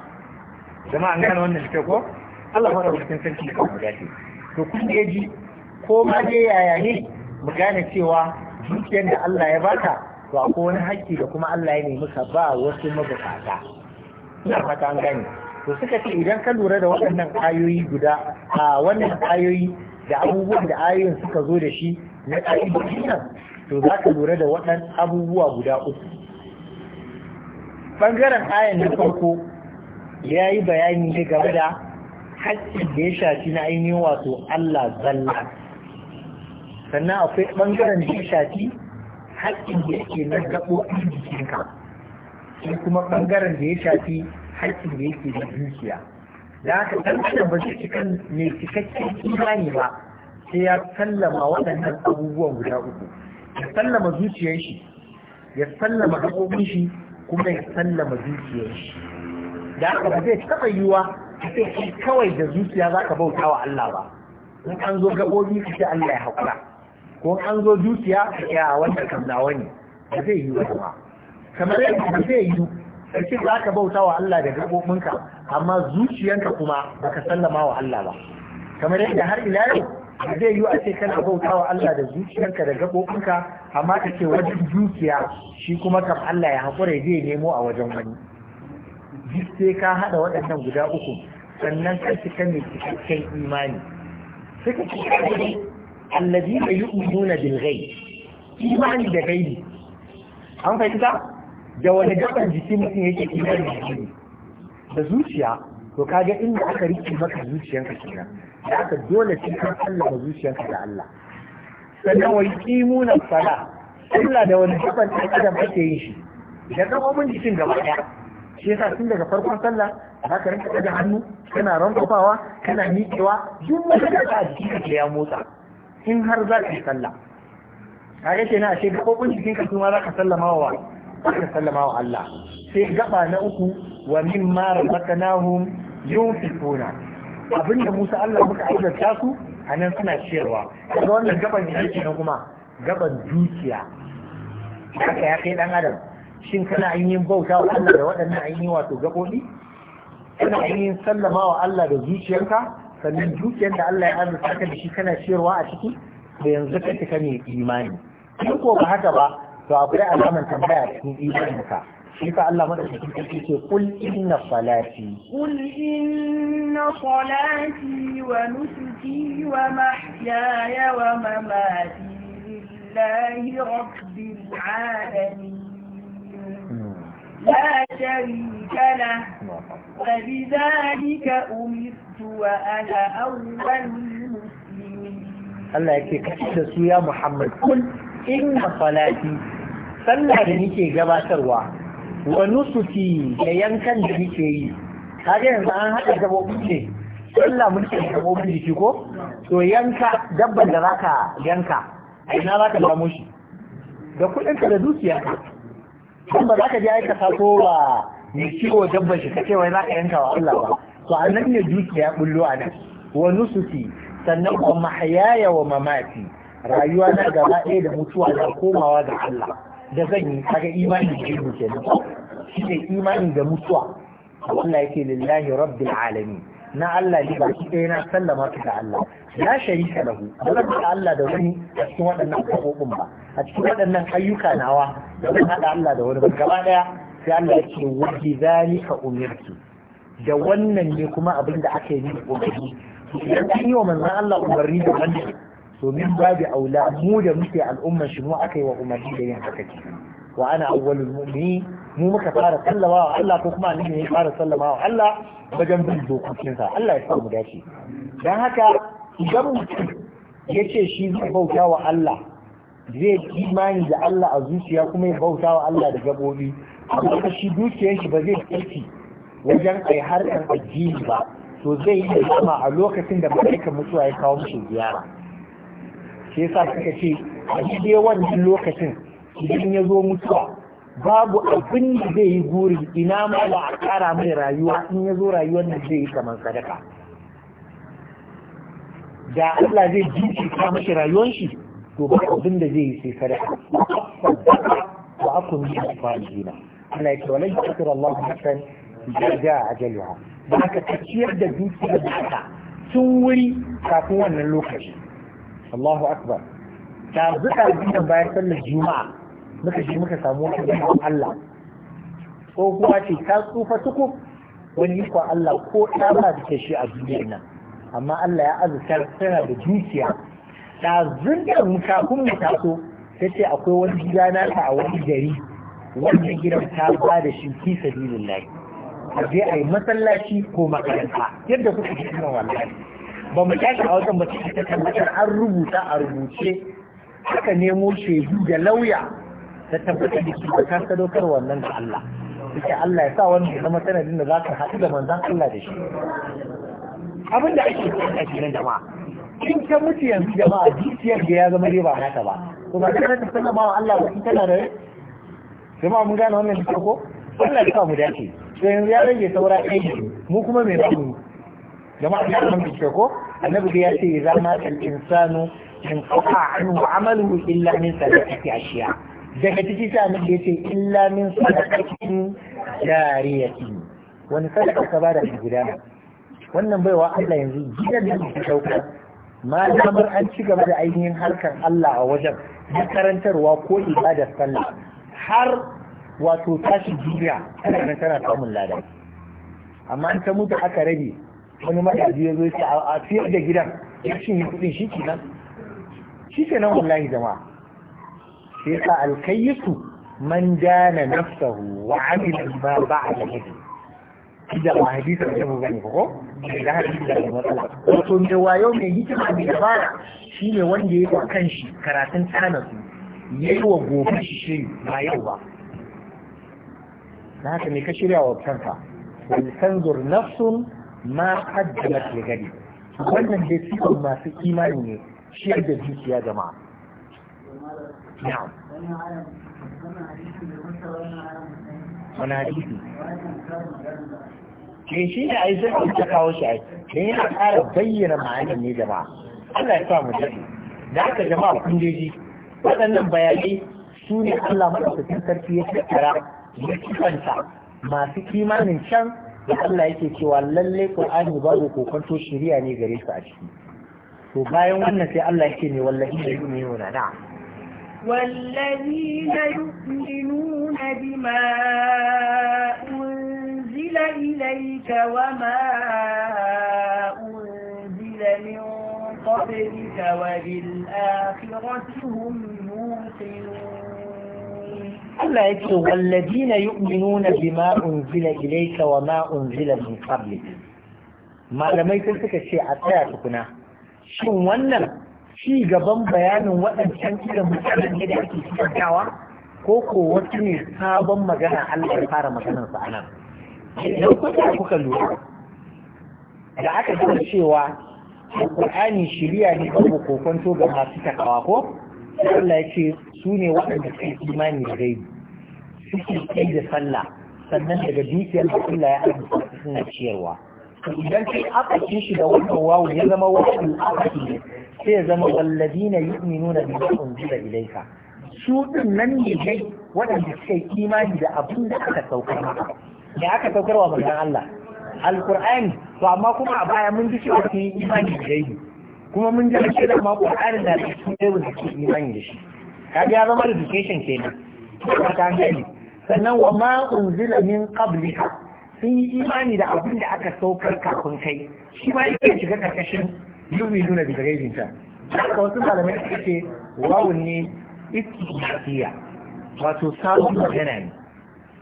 Zama an gane wannan cikin ko Allah fara mutum sarki da kuma dace to kun da ji ko ma dai yaya ne mu gane cewa dukiyar da Allah ya baka to akwai wani haƙƙi da kuma Allah ya nemi ka ba wasu mabukata ina fata an gane to suka ce idan ka lura da waɗannan ayoyi guda a wannan ayoyi da abubuwan da ayoyin suka zo da shi na ƙa'idodi nan to za ka lura da waɗannan abubuwa guda uku bangaren ayan na farko ya yi bayani ne game da haƙƙin da ya shafi na ainihin wato Allah zalla sannan akwai bangaren da ya shafi haƙƙin da yake na gaɓoɓin jikinka sai kuma bangaren da ya shafi haƙƙin da yake na dukiya da aka ɗanɗana ba shi cikin mai cikakken imani ba sai ya sallama waɗannan abubuwan guda uku ya sallama zuciyar shi ya sallama gaɓoɓin shi kuma ya sallama zuciyar shi da haka ba zai taɓa yiwa ce kai kawai da zuciya za ka bauta wa Allah ba in an zo gaɓoɓi ka ce Allah ya haƙura ko an zo zuciya ka ce a wanda kan nawa ne ba zai yi wa ba kamar yadda ba zai yi ka ce za ka bauta wa Allah da gaɓoɓinka amma zuciyanka kuma ba ka sallama wa Allah ba kamar yadda har ila yau ba zai yi a ce kana bauta wa Allah da zuciyarka da gaɓoɓinka amma ka ce wajen dukiya shi kuma kam Allah ya haƙura zai nemo a wajen wani duk sai ka haɗa waɗannan guda uku sannan ka ci kan cikakken imani suka ce allazi da yi umuna bil imani da gaibi an fahimta da wani gaban jiki mutum yake imani da zuciya to kaga inda aka rike maka zuciyarka kenan da aka dole shi kan sallama zuciyarka da Allah sannan wai kimunan fara Allah da wani gaban ɗan adam ake yin shi da gaɓoɓin jikin gaba ɗaya shi yasa tun daga farkon sallah za ka rinka ɗaga hannu kana rankwafawa kana miƙewa duk wata da jikin ka ya motsa in har za ka yi sallah kaga kenan ashe gaɓoɓin jikin ka kuma za ka sallama wa ka sallama wa Allah sai gaba na uku wa mimma razaqnahum yunfiquna abinda Musa Allah muka aikata su a nan suna ciyarwa daga wannan gaban ne yake kuma gaban dukiya haka ya kai dan adam shin kana ainihin bauta wa Allah da waɗannan ainihin wato gaɓoɓi kana ainihin sallama wa Allah da zuciyarka sannan dukiyar da Allah ya arzuta ka da shi kana ciyarwa a ciki da yanzu ka cika ne imani in ko ba haka ba to da alaman tambaya cikin imaninka كيف الله مدحك قل إن صلاتي قل إن صلاتي ونسكي ومحياي ومماتي لله رب العالمين لا شريك له فبذلك أمرت وأنا أول المسلمين الله يكفيك يا محمد قل إن صلاتي صلى da nake gabatarwa wa nusuki da yankan da muke yi kaga yanzu an haɗa gabobi ne Allah muke da gabobin jiki ko to yanka dabban da zaka yanka a ina zaka samu shi da kuɗin ka da dukiya ka. kan ba zaka je ka sako ba mai kiwo dabban shi kace wai zaka yanka wa Allah ba to annan ne dukiya bullo a nan wa nusuki sannan wa mahayaya wa mamati rayuwa na gaba ɗaya da mutuwa da komawa ga Allah da zan yi kaga imani da ilmi kenan shi ne imani da mutuwa Allah yake lillahi rabbil alamin na Allah ne ba shi ɗaya na sallama su ga Allah la sharika lahu da zan haɗa Allah da wani a cikin waɗannan abubuwan ba a cikin waɗannan ayyuka nawa da zan haɗa Allah da wani ba gaba ɗaya sai Allah ya ce wa bi zalika umirtu da wannan ne kuma abin da aka yi umarni idan an yi wa manzon Allah umarni da wannan to min babu aula mu da muke al'ummar shi mu aka yi wa umarni da yin haka ke wa ana awwalul mu'mini mu muka fara sallama wa Allah ko kuma annabi ya fara sallama wa Allah wajen bin sa, Allah ya sa mu dace dan haka idan mutum ya ce shi zai bauta wa Allah zai imani da Allah a zuciya kuma ya bauta wa Allah da gabobi amma shi dukiyar shi ba zai aiki wajen ai harkar addini ba to zai yi da a lokacin da mala'ikan mutuwa ya kawo mishi ziyara shi yasa suka ce a daidai wannan lokacin idan ya zo mutuwa babu abin da zai yi guri ina ma ba a kara mai rayuwa in ya zo rayuwar nan zai yi kamar sadaka da Allah zai shi ta mashi rayuwar shi to ba abin da zai yi sai sadaka wa akun bi afalina Allah ya ce da yakra Allah hasan jaja ajalha ba ka ciyar da dukiya da tun wuri kafin wannan lokaci Allahu akbar ta zuka biyu bayan sallar juma'a muka je muka samu wani bayan Allah tsohuwa ce ta tsufa tukuf wani yi Allah ko ta ba da shi a duniyar nan amma Allah ya azurta tana da dukiya ta zunta mu kafin ta ce akwai wani gida na ta a wani gari wannan gidan ta ba da shi fi sabilillahi a je a yi masallaci ko makaranta yadda kuka ji wannan wallahi ba mu tashi a wajen mace ta tabbatar an rubuta a rubuce haka nemo shaidu da lauya ta tabbatar da shi ta sadaukar wannan ga Allah sai Allah ya sa wannan zama sanadin da zaka haɗu da manzon Allah da shi abin da ake a cikin jama'a kin ta mutu yanzu jama'a dukiyar da ya zama dai ba haka ba to ba kana ta sanar ba Allah ba tana da jama'a mun gane wannan da ko Allah ya sa mu dace to yanzu ya rage saura aiki mu kuma me mu jama'a da kuma bincike ko annabi ya ce ya zama al-insanu in qata anhu amaluhu illa min sadaqati ashiya daga ciki sai annabi ya ce illa min sadaqatin jariyati wani sadaka ka bada ki gudana wannan baiwa Allah yanzu gidan da ke dauka ma an ci gaba da ainihin harkar Allah a wajen da karantarwa ko ibadar sallah har wato tashi jiya tana tana samun lada amma an ta mutu aka rage. wani mataji ya zo ce a siyar da gidan ya cinye kuɗin shi kenan shi kenan wallahi jama'a sai sa alkayyisu man dana nafsahu wa amila ma ba'da yadi da ba hadisi da mu gani ko da hadisi da matsala wato da wayo mai hikima mai dabara shine wanda ya kwa kanshi karatun tanasu yayi wa gobe shi shiri ba yau ba na haka ne ka shirya wa kanka wal tanzur nafsun ma haddana ke gani wannan dai sifar masu imani ne shiyar da zuciya jama'a na'am wani hadisi ke shi da ai zai ta kawo shi ai dan yana ƙara bayyana ma'anin ne jama'a Allah ya sa mu dace da aka jama'a kundeji waɗannan bayanai su ne Allah madaukakin sarki ya tattara ya kifanta masu kimanin can da Allah yake cewa lalle Qur'ani babu kokonto shari'a ne gare su a ciki to bayan wannan sai Allah yake ne wallahi da yu'minuna na'am والذين يؤمنون بما أنزل إليك وما أنزل من قبلك وبالآخرة هم موقنون Allah ya ce walladina yu'minuna bima unzila ilayka wa ma unzila min qablik malamai sun suka ce a tsaya tukuna shin wannan ci gaban bayanin waɗancan irin mutanen ne da ake kirantawa ko ko wasu ne sabon magana Allah ya fara maganar sa anan idan kuka kuka lura da aka gina cewa Alƙur'ani shiriya ne babu kokonto ga masu takawa ko Allah ya ce su ne waɗanda suke imani da gaibi suke kai da sallah sannan daga dukiyar da Allah ya arzika suna ciyarwa idan kai aka ci shi da wannan wawu ya zama wawu aka ci sai ya zama walladina yu'minuna bima unzila Ilaika!" su din nan ne dai waɗanda suka imani da abin da aka saukar maka me aka saukar wa manzon Allah alqur'ani to amma kuma a baya mun ji cewa sun yi imani da gaibi kuma mun ji cewa ma qur'ani na da su ne wanda suke imani da shi kaga ya zama education kenan ta gani sannan wa ma unzila min qablika sun yi imani da abin da aka saukar kafin kai shi ba yake shiga karkashin nuna bi ghaibin ta haka wasu malamai suka ce wawun ne istihadiya wato sabon magana ne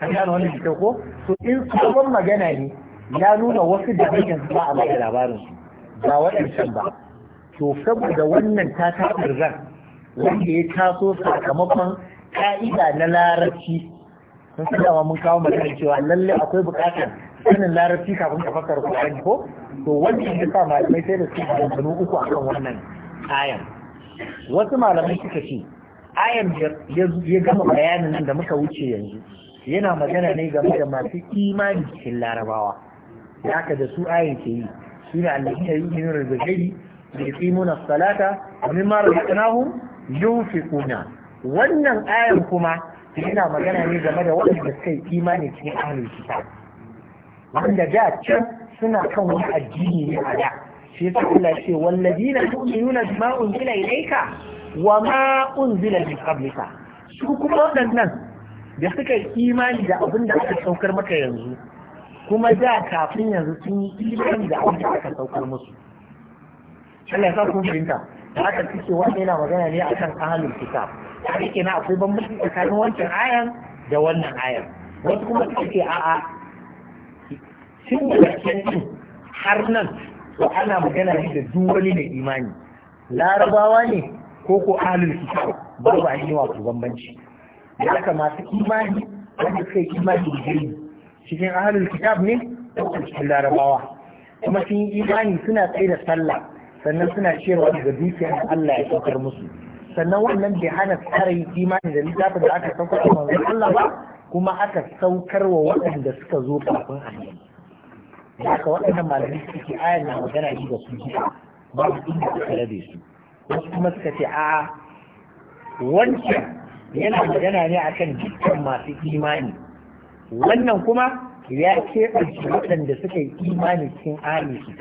an gano wannan da ko to in sabon magana ne ya nuna wasu da bakin ba a maka labarin su ba waɗancan ba to saboda wannan ta ta zan wanda ya taso sakamakon ka'ida na larabci sun san dama mun kawo magana cewa lalle akwai bukatar sanin larabci kafin ka fakar kwanan ko to wanda ya sa malamai sai da su ganganu uku akan wannan ayan wasu malamai suka ce ayan ya gama bayanin da muka wuce yanzu yana magana ne game da masu imani cikin larabawa da aka da su ayan ke yi shi ne allahi ya yi yin rigagai da ya na salata mara mimma razaqnahum yunfiquna wannan ayar kuma yana magana ne game da waɗanda suka yi imani cikin ahlul kitab wanda da can suna kan wani addini ne a da shi yasa Allah ce walladina tu'minuna bima unzila ilayka wa ma unzila min qablika su kuma waɗannan da suka yi imani da abin da aka saukar maka yanzu kuma da kafin yanzu sun yi imani da abin da aka saukar musu Allah ya sa su fahimta Da aka suke wani yana magana ne a kan ahalin kitab Ya yake na akwai bambanci tsakanin wancan ayan da wannan ayan wasu kuma a a'a sun da gaskiyan har nan to ana magana ne da duk wani mai imani larabawa ne ko ko ahalin kitab ba ba yi wa ku bambanci ya kamata imani wanda kai imani gari cikin ahalin kitab ne ko cikin larabawa kuma sun yi imani suna tsaye da sallah sannan suna cewa daga dukiyar da Allah ya saukar musu sannan wannan bai hana tsarin imani da littafin da aka saukar a manzon Allah ba kuma aka saukar wa waɗanda suka zo kafin annabi haka waɗannan malamai suke ayan na magana ne da su babu inda suka rabe su wasu kuma suka ce a wancan yana magana ne akan dukkan masu imani wannan kuma ya keɓance waɗanda suka yi imani cikin ayin su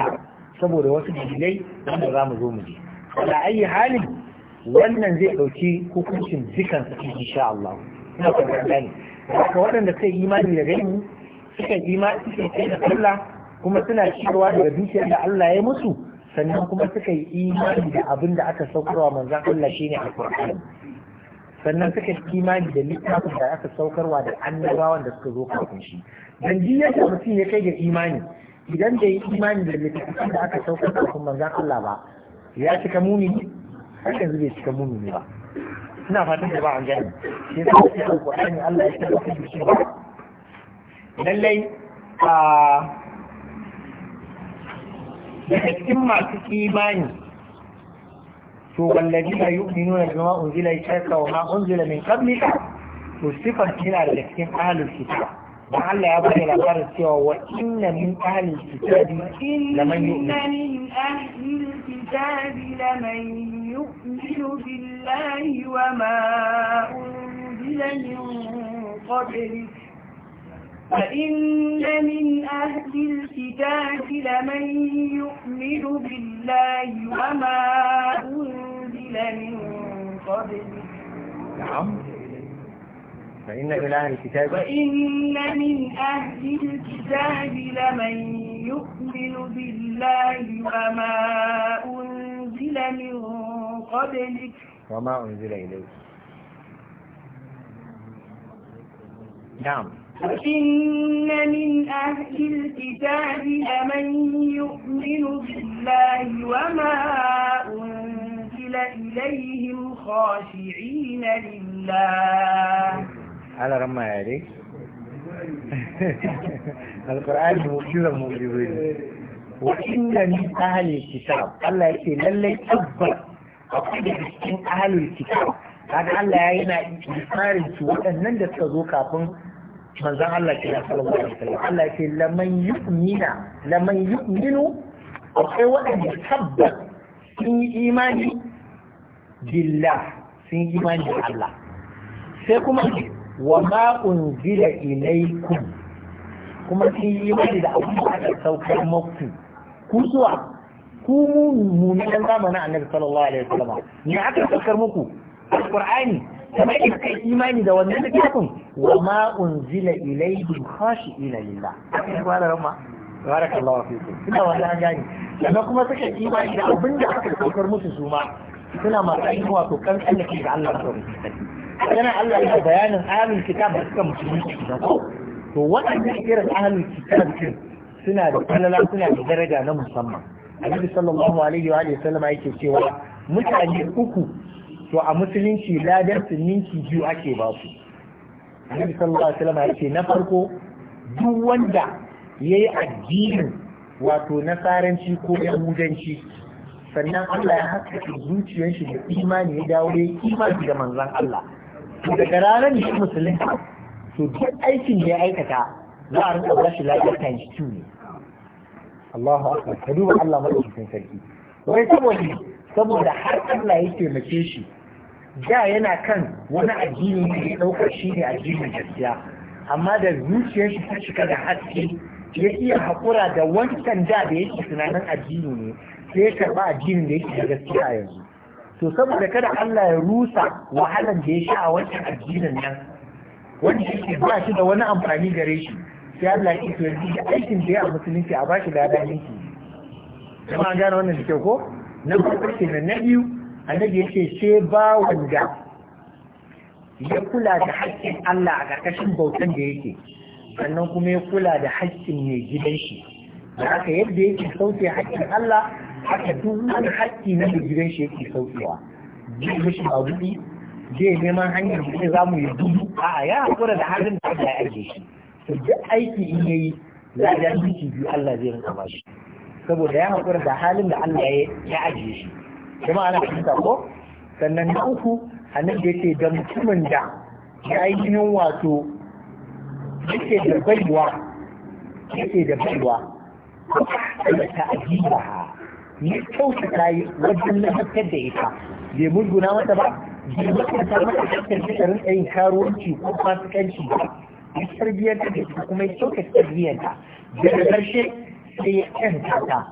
saboda wasu dalilai wanda za mu zo mu je ala ayi halin wannan zai ɗauki hukuncin dukan su insha Allah ina fatan gane haka waɗanda suka yi imani da gani suka yi imani suka yi da Allah kuma suna ciyarwa daga dukiyar da Allah ya musu sannan kuma suka yi imani da abin da aka saukarwa manzon Allah shine alqur'ani sannan suka yi imani da littafin da aka saukarwa da annabawan da suka zo kafin shi dan yadda mutum ya kai ga imani idan da yi imani da mutum da aka sauka kafin manzan Allah ba ya cika muni har yanzu bai cika ne ba ina fatan da ba an gani shi yasa sai alƙur'ani Allah ya tabbata da shi ba lallai a daga cikin masu imani to walladina yu'minuna bima unzila ilayka wa ma unzila min qablika to sifar kina da cikin ahlul kitab لعل يبقى الى قرر سوى وان من اهل الكتاب لمن يؤمن من اهل الكتاب لمن يؤمن بالله وما انزل من قبلك فإن من اهل الكتاب لمن يؤمن بالله وما انزل من قبلك فإن من أهل الكتاب وإن من أهل الكتاب لمن يؤمن بالله وما أنزل من قبلك وما أنزل إليك نعم وإن من أهل الكتاب لمن يؤمن بالله وما أنزل إليهم خاشعين لله ala ramma ya dai alqur'ani mu'jizan mu'jizai wa inna min ahli kitab Allah yake lallai tabbas akwai da cikin ahlul kitab kaga Allah ya yana inkirin su waɗannan da suka zo kafin manzon Allah kira sallallahu alaihi wasallam Allah yake laman yu'mina laman yu'minu akwai waɗanda tabbas sun yi imani billah sun yi imani da Allah sai kuma wa ma unzila ilaikum kuma sun yi imani da abin da aka saukar muku ku suwa ku mu mu'minan zamanin annabi sallallahu alaihi wasallam ne aka saukar muku alqur'ani kamar in kai imani da wannan littafin wa ma unzila ilaikum khashi'ina lillah subhanallah barakallahu fikum ina wannan gani sannan kuma suka imani da abin da aka saukar musu su ma suna masu aiki wato kan da tsallake da Allah subhanahu wa ta'ala kana Allah ya bayanin ahlul kitab da suka musulunci da ko to waɗannan irin ahlul kitab din suna da kalala suna da daraja na musamman Annabi sallallahu alaihi wa sallama yake cewa mutane uku to a musulunci ladan su ninki biyu ake ba su Annabi sallallahu alaihi wa sallama yake na farko duk wanda yayi addinin wato nasaranci ko yahudanci sannan Allah ya haskaka zuciyar shi da imani ya dawo ya imani da manzon Allah to daga ranar da shi musulun to duk aikin da ya aikata za a rinka bashi lafiyar ta shi ne Allahu akbar ka duba Allah madaukakin sarki wai saboda saboda har Allah ya taimake shi da yana kan wani addini da ya dauka shi ne addinin gaskiya amma da zuciyar shi ta shiga da haske ya iya haƙura da wancan da da yake tunanin addini ne sai ya karba addinin da yake gaskiya yanzu to saboda kada Allah ya rusa wahalan da ya sha a wancan addinin nan wanda yake ba shi da wani amfani gare shi sai Allah ya ce yanzu da aikin da ya musulunci a bashi da ladan shi kuma an gane wannan cikin ko na farko kenan na biyu annabi yace sai ba wanda ya kula da haƙƙin Allah a ƙarƙashin bautan da yake sannan kuma ya kula da haƙƙin mai gidan shi da aka yadda yake sauke haƙƙin Allah haka duk wani haƙƙi na gidan shi yake saukewa zai mishi a zai neman hanyar da za mu yi dubu a ya haƙura da halin da Allah ya shi to duk aiki in yayi lada miki biyu Allah zai rinka ba shi saboda ya haƙura da halin da Allah ya aje shi jama'a ana fahimta ko sannan na uku da yake da mutumin da ya ainihin wato yake da baiwa yake da baiwa ta ya kyautata wajen lafafar da ita bai murguna mata ba bai mutunta mata shakar da rin tsayin karuwanci ko fasikanci ba ya tarbiyyar da ita kuma ya kyautata tarbiyyar ta daga ƙarshe sai ya ƴanta ta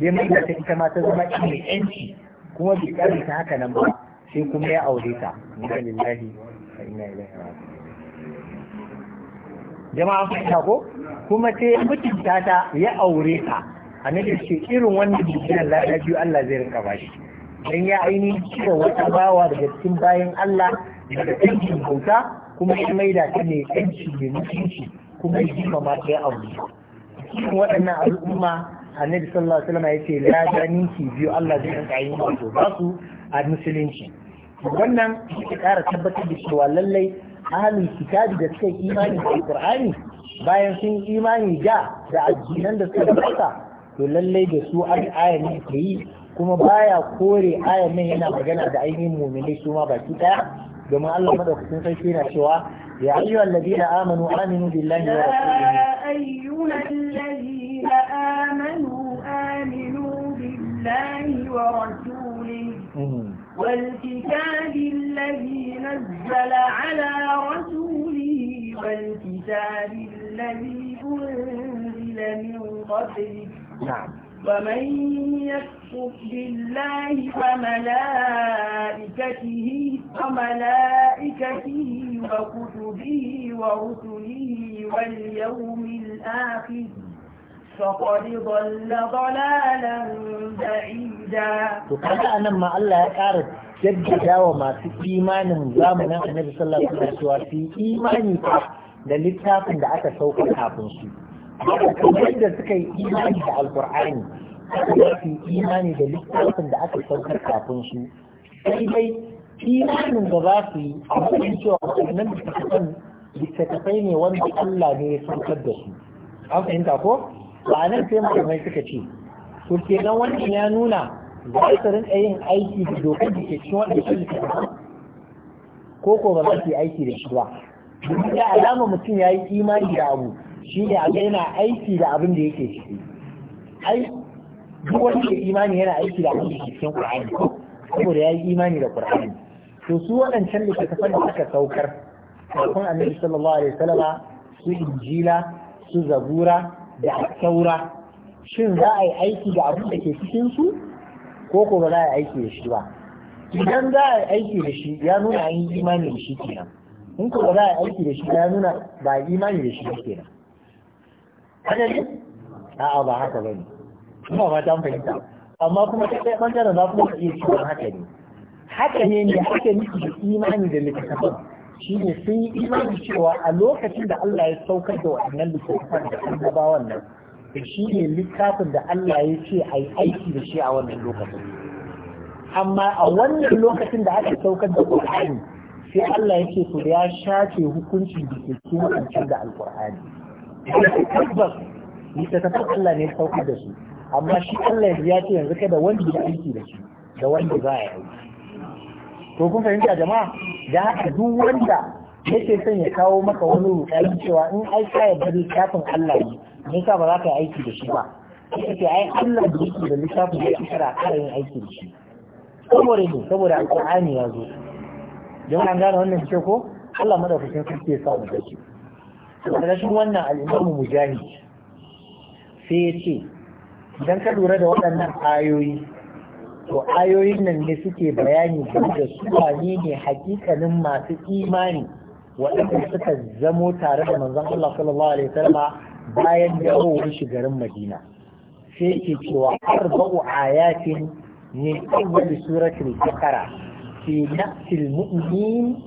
bai mai da ta ita mata zama ita mai ƴanci kuma bai ƙarfi ta haka nan ba sai kuma ya aure ta inna lillahi wa inna ilaihi raji'un jama'a fahimta ko kuma sai mutunta ta ya aure ta annabi ce irin wannan bikin lada biyu Allah zai rinka bashi dan ya aini cire wata bawa daga cikin bayan Allah daga cikin bauta kuma ya maida ta ne kanci da mutunci kuma ya jima ma ta aure cikin waɗannan al'umma annabi sallallahu alaihi wasallam ya ce lada ninki biyu Allah zai rinka yin wato ba su a musulunci wannan ya ƙara tabbatar da cewa lallai ahalin kitabi da suka imani da Qur'ani bayan sun imani da da addinan da suka gabata to lallai da su an ayan ke yi kuma baya kore ayan nan yana magana da ainihin mumini su ma baki daya domin Allah madaukakin sarki yana cewa ya ayyuhal ladina amanu aminu billahi wa rasulihi ya ayyuhal ladina amanu aminu billahi wa rasulihi والكتاب الذي نزل على رسوله والكتاب الذي أنزل من قبلك نعم. ومن يكفر بالله فملائكته وملائكته وكتبه ورسله واليوم الآخر فقد ضل ضلالا بعيدا وقال أنا ما الله أعرف جد جاوة ما في إيمان زامنا النبي صلى الله عليه وسلم في إيمانك للتاقن دعاك سوف تعبنسي da suka yi imani da alkur'ani suka yi imani da littafin da aka saukar kafin su sai dai imanin da za su yi a cikin cewa wannan littattafan littattafai ne wanda Allah ne ya saukar da su an fahimta ko ba nan sai malamai suka ce to kenan wannan ya nuna za su rinka yin aiki da dokar da ke cikin wanda ke littattafan ko ko ba za su yi aiki da shi ba domin ya alama mutum ya yi imani da abu shi ne abin yana aiki da abin da yake ciki ai duk wanda imani yana aiki da abin da yake cikin Qur'ani saboda ya yi imani da Qur'ani to su waɗancan littattafan da aka saukar kafin annabi sallallahu alaihi wasallama su injila su zabura da saura shin za a yi aiki da abin da ke cikin su ko ko ba za a yi aiki da shi ba idan za a yi aiki da shi ya nuna an yi imani da shi kenan in ko ba za a yi aiki da shi ya nuna ba imani da shi kenan haka ne a'a ba haka ba ne. kuma ba ta fahimta amma kuma ta ɗaya ɓangaren za kuma iya cewa haka ne haka ne ne ake nufi da imani da littattafan shi ne sun yi imani cewa a lokacin da Allah ya saukar da waɗannan littattafan da annabawan nan da shi ne littafin da Allah ya ce a yi aiki da shi a wannan lokacin amma a wannan lokacin da aka saukar da Qur'ani sai Allah ya ce ku ya shafe hukuncin da ke cikin da al Alƙur'ani da su tabbas littattafan Allah ne saukar da su amma shi Allah ya ce yanzu kada wanda ya aiki da shi da wanda ba ya aiki to kun fahimta jama'a da haka duk wanda yake son ya kawo maka wani rudani cewa in ai ka yarda littafin Allah ne me yasa ba za ka yi aiki da shi ba yake ai Allah da yake da littafin ya kira kara yin aiki da shi saboda ne saboda alƙur'ani ya zo don an gane wannan ce ko Allah madaukakin sarki ya sa mu dace shi wannan al'imamu mujahid sai ya ce idan ka lura da waɗannan ayoyi to ayoyin nan ne suke bayani da su wani ne hakikanin masu imani waɗanda suka zamo tare da manzon Allah sallallahu alaihi wasallam bayan dawowar shi garin Madina sai ke cewa arba'u ayatin min awwal suratul baqara fi nafsil mu'min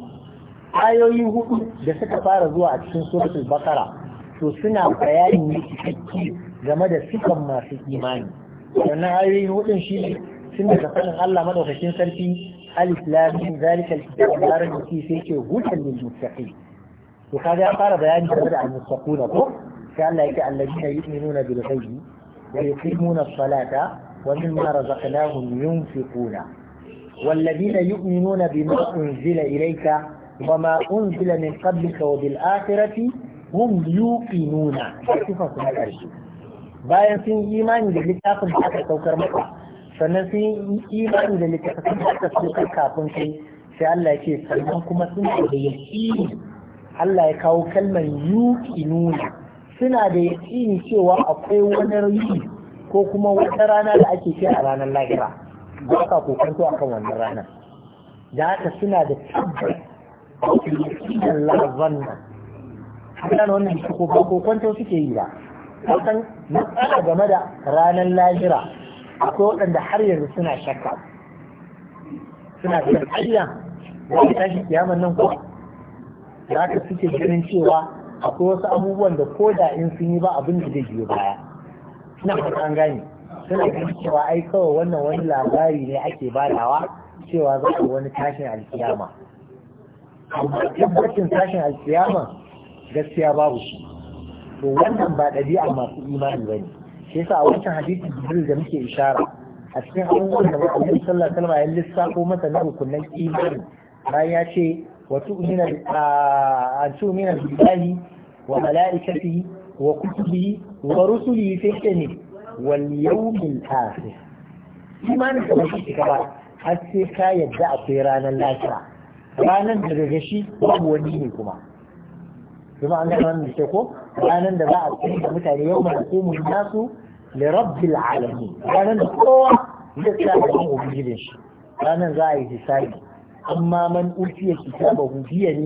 ayoyi hudu da suka fara zuwa a cikin suratul bakara to suna bayani ne cikakke game da sukan masu imani wannan ayoyi hudun shi ne tun daga faɗin Allah madaukakin sarki alif lam mim zalika alkitabu la rayba fihi sai ke hudan lil muttaqin to kaga ya fara bayani game da al-muttaquna ko sai Allah yake alladina yu'minuna bil ghaibi wa yuqimuna as-salata wa mimma razaqnahum yunfiquna والذين يؤمنون بما أنزل إليك وما أنزل من قبلك وبالآخرة هم يوقنون صفة الأرشي bayan sun yi imani da littafin da aka saukar maka sannan sun yi imani da littafin da aka saukar kafin kai sai Allah ya ce sannan kuma suna da yaƙini Allah ya kawo kalmar yuqinuna suna da yaƙini cewa akwai wani yi ko kuma wata rana da ake ce a ranar lahira ba ka kokanto akan wannan ranar da haka suna da tabbas yaqinan la zanna kana wannan shi ko ko kwanto suke yi ba san matsala game da ranar lahira akwai waɗanda har yanzu suna shakka suna da ƙarya za ta tashi kiyaman nan ko za ka suke ganin cewa akwai wasu abubuwan da ko da in sun yi ba abin da zai biyo baya suna fata an gane suna ganin cewa ai kawai wannan wani labari ne ake badawa cewa za a wani tashin alkiyama amma tabbacin sashen alkiyama gaskiya babu shi to wannan ba ɗabi'a masu imani bane shi yasa a wancan hadisi jibril da muke ishara a cikin abubuwan da Annabi sallallahu alaihi wasallam ya ko masa na rukunan imani bayan ya ce wa tu'mina an tu'mina billahi wa malaikatihi wa kutubihi wa rusulihi sai ce ne wal yawmil akhir imanin ka ba shi ka ba har sai ka yadda akwai ranar lafiya ranar da daga babu wani ne kuma kuma an gano wannan ko ranar da za a cikin da mutane yau mai hukumu su da rabbil alami ranar da kowa zai tsaya da kan ubangijin shi ranar za a yi hisabi amma man ulfiya kitaba hudiya ne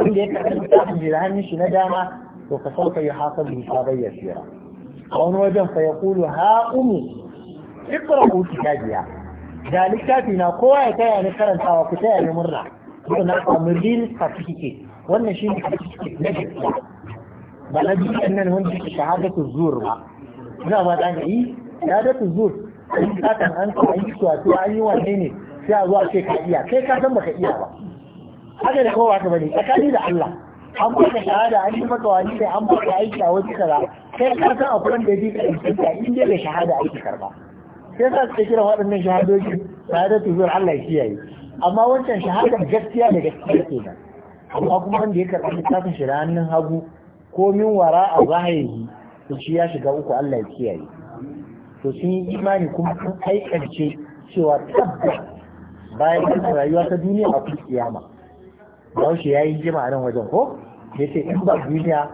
da inda ya karɓi kitabun da hannun shi na dama to ka sauka yi hasabu hisabai ya tsira a wani wajen fa ya kulu ha umu ikra'u kitabiya da littafi na kowa ya taya ni karantawa ku taya ni murna yau na samu real certificate wannan shi ne certificate na gaskiya ba na dukkan nan wanda ke shahadatu zuwar ba ina ba da yi shahadatu zuwar an yi katon an ka an yi suwato an yi wanne ne sai a zuwa ce ka iya kai ka san baka iya ba haka da kowa ka bane tsakani da Allah an baka shahada an yi maka wani sai an baka aiki a wajen kaza kai ka san akwai wanda ya bi ka in dai da shahada aiki karba sai za su kiran waɗannan shahadoji shahadatu zuwa Allah ya kiyaye amma wancan shahadar gaskiya da gaskiya ke nan amma kuma wanda ya karɓi littafin shi hannun hagu ko min wara a zahiri to shi ya shiga uku Allah ya kiyaye to sun yi imani kuma sun aikance cewa tabbas bayan rayuwa ta duniya a kuma kiyama Bahaushe ya yi jima a nan wajen ko ya ce in ba duniya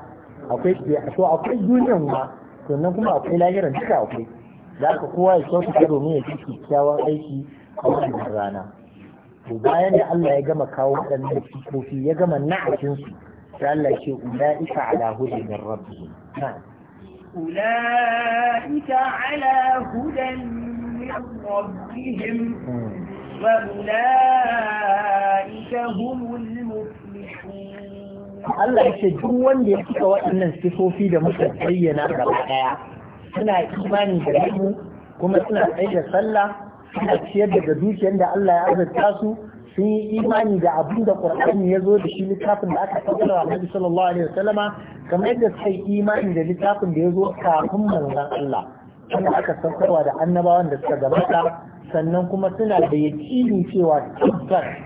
akwai to akwai duniyan ma sannan kuma akwai lahiran duka akwai da aka kowa ya kyautata domin ya ci kyakkyawan aiki a wannan rana to bayan da Allah ya gama kawo waɗannan sifofi ya gama na'akin su sai Allah ya ce ulaika ala hudu min rabbihim ulaika ala hudan min rabbihim wa ulaika humul muflihun Allah ya ce duk wanda ya cika waɗannan sifofi da muka bayyana gaba ɗaya suna imani da ilmu kuma suna tsaye da sallah suna ciyar daga dukiyar da Allah ya azurta su sun yi imani da abin da Qur'ani ya zo da shi littafin da aka tsara Annabi sallallahu alaihi wasallama kamar yadda suka yi imani da littafin da ya zo kafin manzon Allah wanda aka saukarwa da annabawan da suka gabata sannan kuma suna da yakini cewa tabbas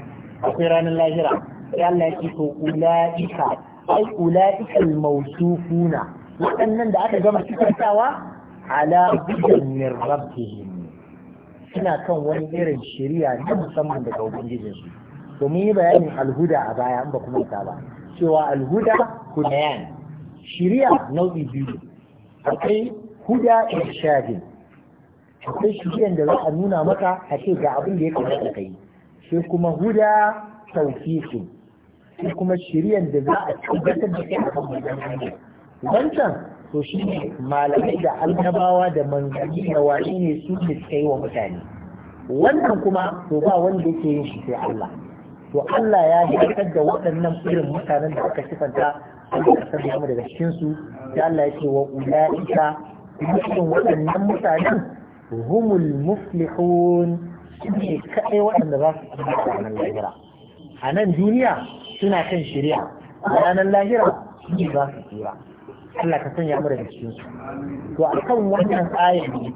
akwai ranar lahira sai Allah ya ce to ulaika ai ulaika mawsufuna waɗannan da aka gama cikantawa ala hudan min rabbihim suna kan wani irin shari'a na musamman daga su domin yi bayanin alhuda a baya an ba kuma ta ba cewa alhuda hudayan shari'a nau'i biyu akwai huda irshadin akwai shari'an da za a nuna maka a ce ga abin da ya kamata kai sai kuma huda tawfiqin sai kuma shari'an da za a tabbatar da kai akan wannan hanya to shi ne malamai da annabawa da manzanni da wani ne su ne wa mutane wannan kuma to ba wanda yake yin shi sai Allah to Allah ya haifar da waɗannan irin mutanen da aka sifanta an da kasar daga cikin su sai Allah ya ce wa ulaika mutum waɗannan mutanen humul muflihun shi ne kaɗai waɗanda za su ci ranar lahira a nan duniya suna kan shari'a a ranar lahira shi za su tsira Allah ka sanya amurka daga cikin su to akan wannan ayar ne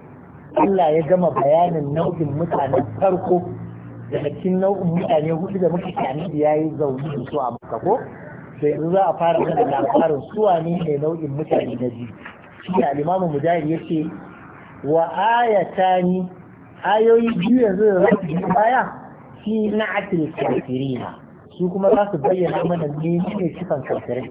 Allah ya gama bayanin nau'in mutanen farko daga cikin nau'in mutane hudu da muka kani da yayi zaune da su a ko yanzu za a fara da labarin suwa ne mai nau'in mutane na biyu shi ne al mujahid ya yace wa ayatani ayoyi biyu yanzu da za su yi baya fi na'atil kafirina su kuma za su bayyana mana ne ne sifan kafirai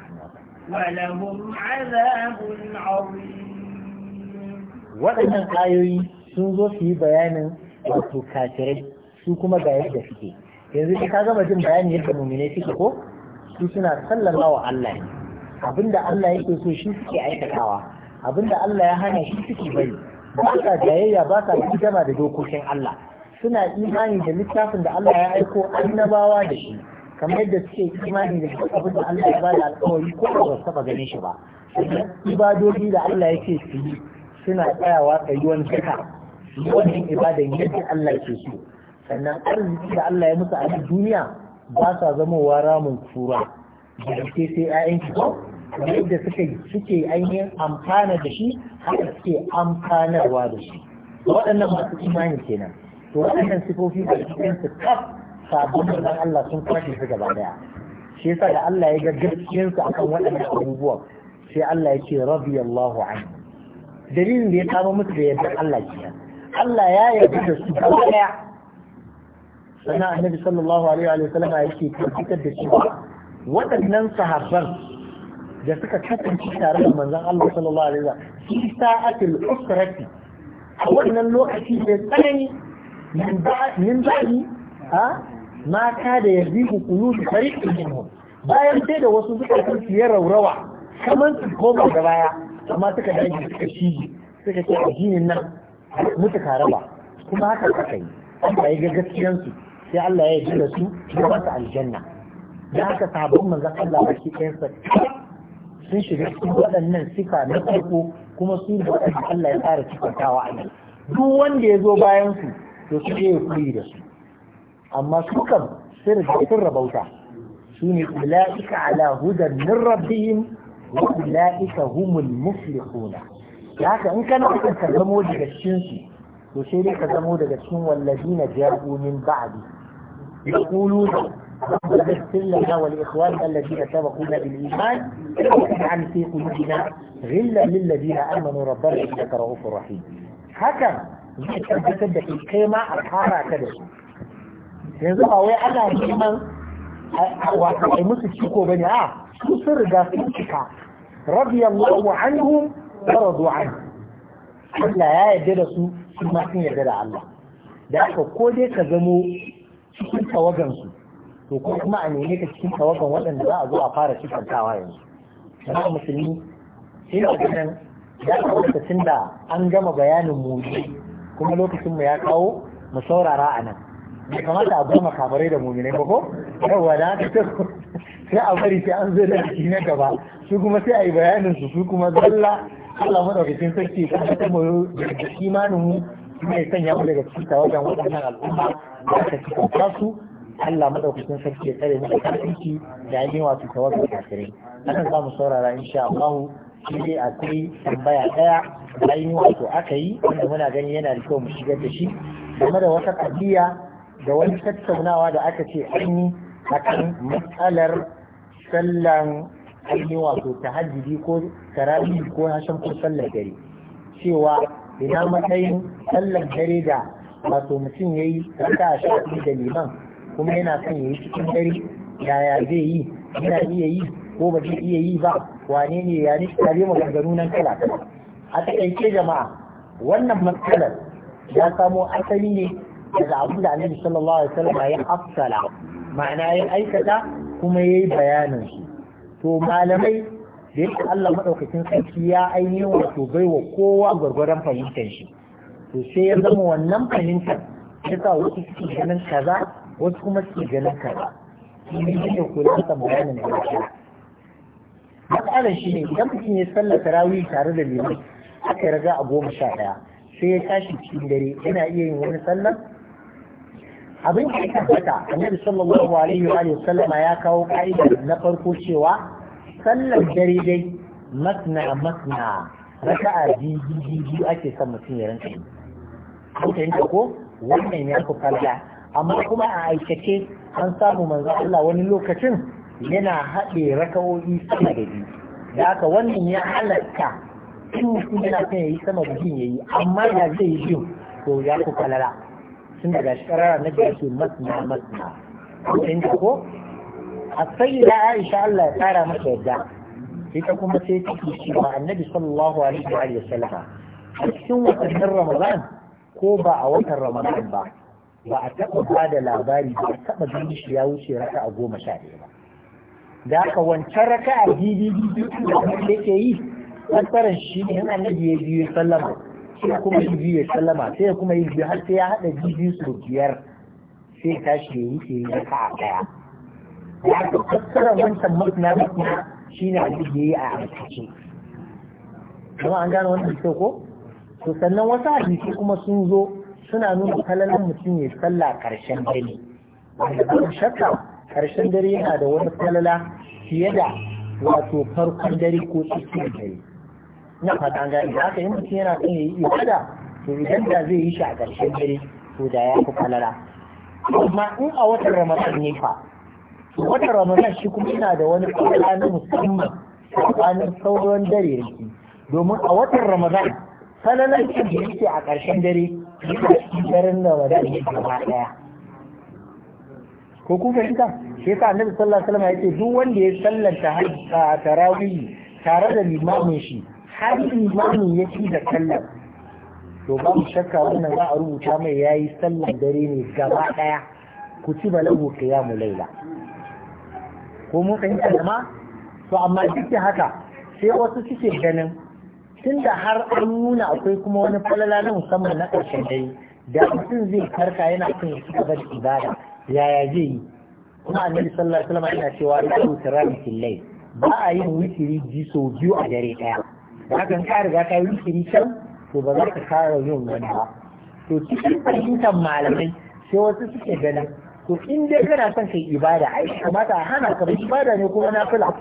waɗannan ayoyi sun zo su yi bayanin wato kafirai su kuma ga yadda suke yanzu ka gama jin bayanin yadda muminai suke ko su suna sallama wa Allah ne abinda Allah yake so shi suke aikatawa abinda Allah ya hana shi suke bari ba sa jayayya ba sa gama da dokokin Allah suna imani da littafin da Allah ya aiko annabawa da shi kamar yadda suke imani da duk abin da Allah ya ba da alƙawari ko da su saba ganin shi ba ibadodi da Allah yake su yi suna tsayawa tsayuwan duka wannan ibadan yadda Allah yake so sannan arziki da Allah ya musu a duniya ba sa zamowa ramin kura da yake sai ƴaƴan shi ko yadda suke suke ainihin amfana da shi haka suke amfanarwa da shi waɗannan masu imani kenan to waɗannan sifofi da cikin su sabon da Allah sun kwashe su gaba daya shi yasa da Allah ya ga gaskiyar su akan waɗannan abubuwan sai Allah ya ce radiyallahu anhu dalilin da ya kama musu da yadda Allah ke Allah ya yarda da su gaba daya sannan annabi sallallahu alaihi wa sallam ya ce tabbatar da cewa waɗannan sahabban da suka kasance tare da manzon Allah sallallahu alaihi wa sallam fi sa'atil usrati a wannan lokaci mai tsanani min ba'di ha Mata ma ka da yazihu qulubi fariqin minhum bayan sai da wasu zukatan su ya raurawa kamar su koma da baya amma suka dage suka shige suka ce jinin nan mutu karaba kuma haka suka yi Allah ya ga gaskiyansu sai Allah ya yi da su ya ba su aljanna da haka sabon manzon Allah baki ɗayansa sun shiga cikin waɗannan sifa na farko kuma su da Allah ya tsara cikin tawa a duk wanda ya zo bayan su to su je ya kuri da su أما سكب سر سر بوتا شوني أولئك على هدى من ربهم وأولئك هم المفلحون لكن إن كانوا أحسن كلمه لك الشنسي وشيري كلمه لك الشن والذين جاءوا من بعد يقولون لنا والإخوان الذين سبقونا بالإيمان عن في قلوبنا غلا للذين آمنوا ربنا إنك رؤوف رحيم هكذا جئت القيمة الحارة كذا yanzu ba wai ana neman wato ai musu ciko bane a su sun riga sun cika radiyallahu anhum radu an Allah ya yarda da su su ma sun yarda da Allah da aka ko dai ka zamo cikin tawagan su to ko kuma a nemi ka cikin tawagan waɗanda za a zo a fara cikin cikantawa yanzu jama'a musulmi sai a gidan ya lokacin da an gama bayanin mu kuma lokacin mu ya kawo mu saurara a nan bai kamata a goma kamarai da muminai ba ko yawa da haka sai a bari sai an zo da jiki na gaba su kuma sai a yi bayanin su su kuma zalla Allah madaukakin sarki kuma ta mu da imanin mu mai sanya mu daga cikin tawagan waɗannan al'umma da aka cika su Allah madaukakin sarki ya tsare mu da kafirci da ainihin wato tawagan kafirai akan za mu saurara insha Allah shi dai kai tambaya ɗaya da wato aka yi wanda muna gani yana da kyau mu shigar da shi game da wata ƙabiya da wani tattaunawa da aka ce an a kan matsalar sallan ainihin wato tahajjudi ko tarawih ko hashen ko sallar dare cewa ina matsayin sallar dare da wato mutum ya yi raka a shafi da liman kuma yana son ya yi cikin dare yaya zai yi yana iya yi ko ba zai iya yi ba wane ne ya ni tare maganganu nan kala a taƙaice jama'a wannan matsalar ya samo asali ne daga abin da annabi sallallahu alaihi wasallam ya hafsala ma'ana ya aikata kuma yayi bayanin shi to malamai da yake Allah madaukakin sarki ya ainihin wato baiwa kowa gwargwaron fahimtar shi to sai ya zama wannan fahimtar ya sa wasu suke ganin kaza wasu kuma suke ganin kaza shi ne yake kula da bayanin da yake matsalar shi ne idan mutum ya sallar tarawih tare da liman aka raga a goma sha ɗaya sai ya tashi cikin dare yana iya yin wani sallar abin da ya tabbata annabi sallallahu alaihi wa sallama ya kawo ka'ida na farko cewa sallar dare dai masna masna raka'a biyu ake son mutum ya rinka yi mutane ko wannan ya fi falala amma kuma a aikace an samu manzo Allah wani lokacin yana haɗe raka'o'i sama da biyu da haka wannan ya halatta in mutum yana son ya yi sama da biyu ya yi amma ya zai yi biyu to ya fi falala tun daga shekara na da ake masna masna tun ko a sayyida aisha Allah ya tsara masa yadda ita kuma sai ta ke cewa annabi sallallahu alaihi wa sallama a cikin watannin ramadan ko ba a watan ramadan ba ba a taɓa ba da labari ba a taɓa ganin shi ya wuce raka a goma sha ɗaya ba da aka wancan raka a bibi bibi da yake yi tsaron shi ne yana annabi ya biyu sallama sai kuma yi biyu ya sallama sai kuma yi biyu har sai ya haɗa jibi su biyar sai tashi shi yi ke yi raka a ɗaya ya ta fassara wancan na masna shi ne abin da ya yi a aikace kuma an gano wannan kyau ko to sannan wasu hadisi kuma sun zo suna nuna kalalin mutum ya salla karshen dare wanda ba shakka karshen dare yana da wani kalala fiye da wato farkon dare ko tsakiyar dare na fata ga idan aka yi mutum yana kan yayi ibada to idan da zai yi shi a ƙarshen dare to da ya fi falala amma in a watan ramadan ne fa watan ramadan shi kuma yana da wani falala na musamman tsakanin sauran dare da shi domin a watan ramadan falalar shi da yake a ƙarshen dare yana cikin daren ramadan ne gaba ɗaya ko kun fahimta shi yasa annabi sallallahu alaihi wasallam ya ce duk wanda ya sallanta tarawih tare da limamin shi har imani ya ci da sallar to babu shakka wannan za a rubuta mai yayi sallar dare ne gaba ɗaya ku ci balagu mu laila ko mun fahimta jama'a to amma duk da haka sai wasu suke ganin tunda har an nuna akwai kuma wani falala na musamman na ƙarshen dare da mutum zai karka yana son ya ci gaba da ibada yaya zai yi kuma annabi sallallahu alaihi wasallam yana cewa la tusrani fil ba a yin witiri ji sau biyu a dare ɗaya. da haka ka riga ka yi shiri can to ba za ka kara yin wani ba to cikin fahimtar malamai sai wasu suke ganin to in dai kana son kai ibada ai kamata a hana ka ibada ne kuma na fila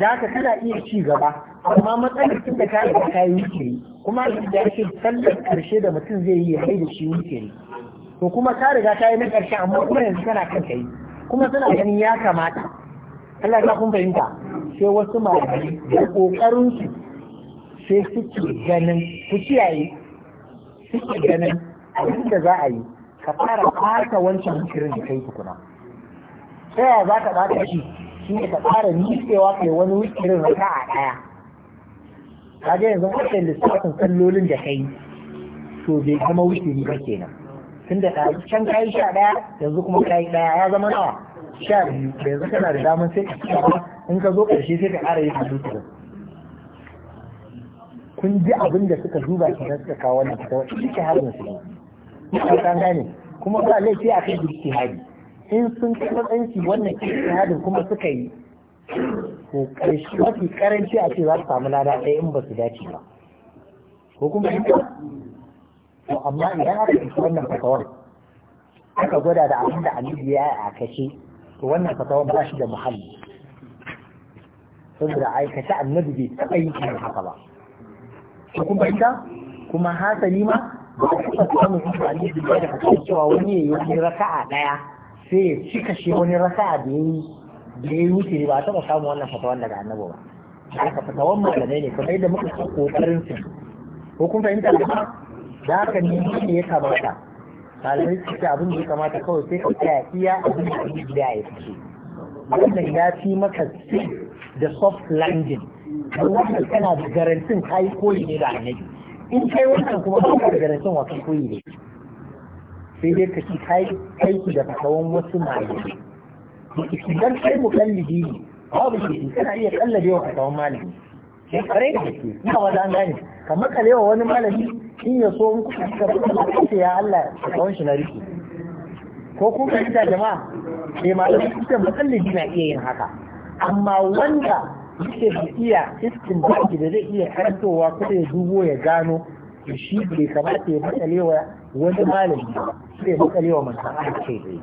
za ka kana iya ci gaba amma matsalar tun da ka riga ka yi shiri kuma da yake sallar karshe da mutum zai yi kai da shi shiri to kuma ka riga ka yi na karshe amma kuma yanzu kana kan kai kuma suna ganin ya kamata Allah ya kun fahimta sai wasu malamai da kokarin su sai suke ganin ku kiyaye suke ganin abin da za a yi ka fara fata wancan zikirin da kai tukuna sai ya za ka ɓata shi shi ne ka fara nisewa kai wani wikirin raka a ɗaya ka yanzu haka lissafin kallolin da kai to bai zama wikiri ba kenan tun da can kayi sha ɗaya yanzu kuma kayi ɗaya ya zama nawa sha biyu yanzu kana da damar sai ka in ka zo ƙarshe sai ka ƙara yin hadisin kun ji abin da suka duba su da suka kawo wannan fatawa ijtihadin su ne kan gane kuma ba laifi a kan ijtihadi in sun kai matsanci wannan ijtihadin kuma suka yi ko karshe mafi karanci a ce za su samu lada ɗaya in ba su dace ba ko kuma to amma idan aka yi wannan fatawar aka gwada da abin da alibi ya yi a kashe to wannan fatawar ba shi da muhalli saboda aikata annabi bai taɓa yin haka ba ko kun fahimta kuma hasali ma ba ku ka samu su ali da da kake cewa wani ya yi raka'a daya sai ya cika shi wani raka'a da yayi da yayi wuce ba taba samu wannan fatawan daga annabi ba haka fatawan malamai ne kuma yadda muka san kokarin su ko kun fahimta da haka ne ne ya kamata malamai su ce abin da ya kamata kawai sai ka tsaya iya abin da ya fi wannan ya fi maka da soft landing wannan kana da garantin kai koyi ne da annabi in kai wannan kuma ba da garantin wasan koyi ne sai dai ka ci kai aiki da fatawan wasu malami idan kai mu mukallidi ne babu shi kana iya kallabe wa fatawan malami sai kare da ke ina wanda an gane ka makale wa wani malami in ya so in muku ka rubuta ya Allah fatawan shi na riki ko kun ka jama'a sai eh, malami kuka mukallidi na iya yin haka amma wanda yake da iya iskin ake da zai iya karantowa kuma ya dubo ya gano da shi bai kamata ya matsale wa wani malami sai ya matsale wa manzan ake zai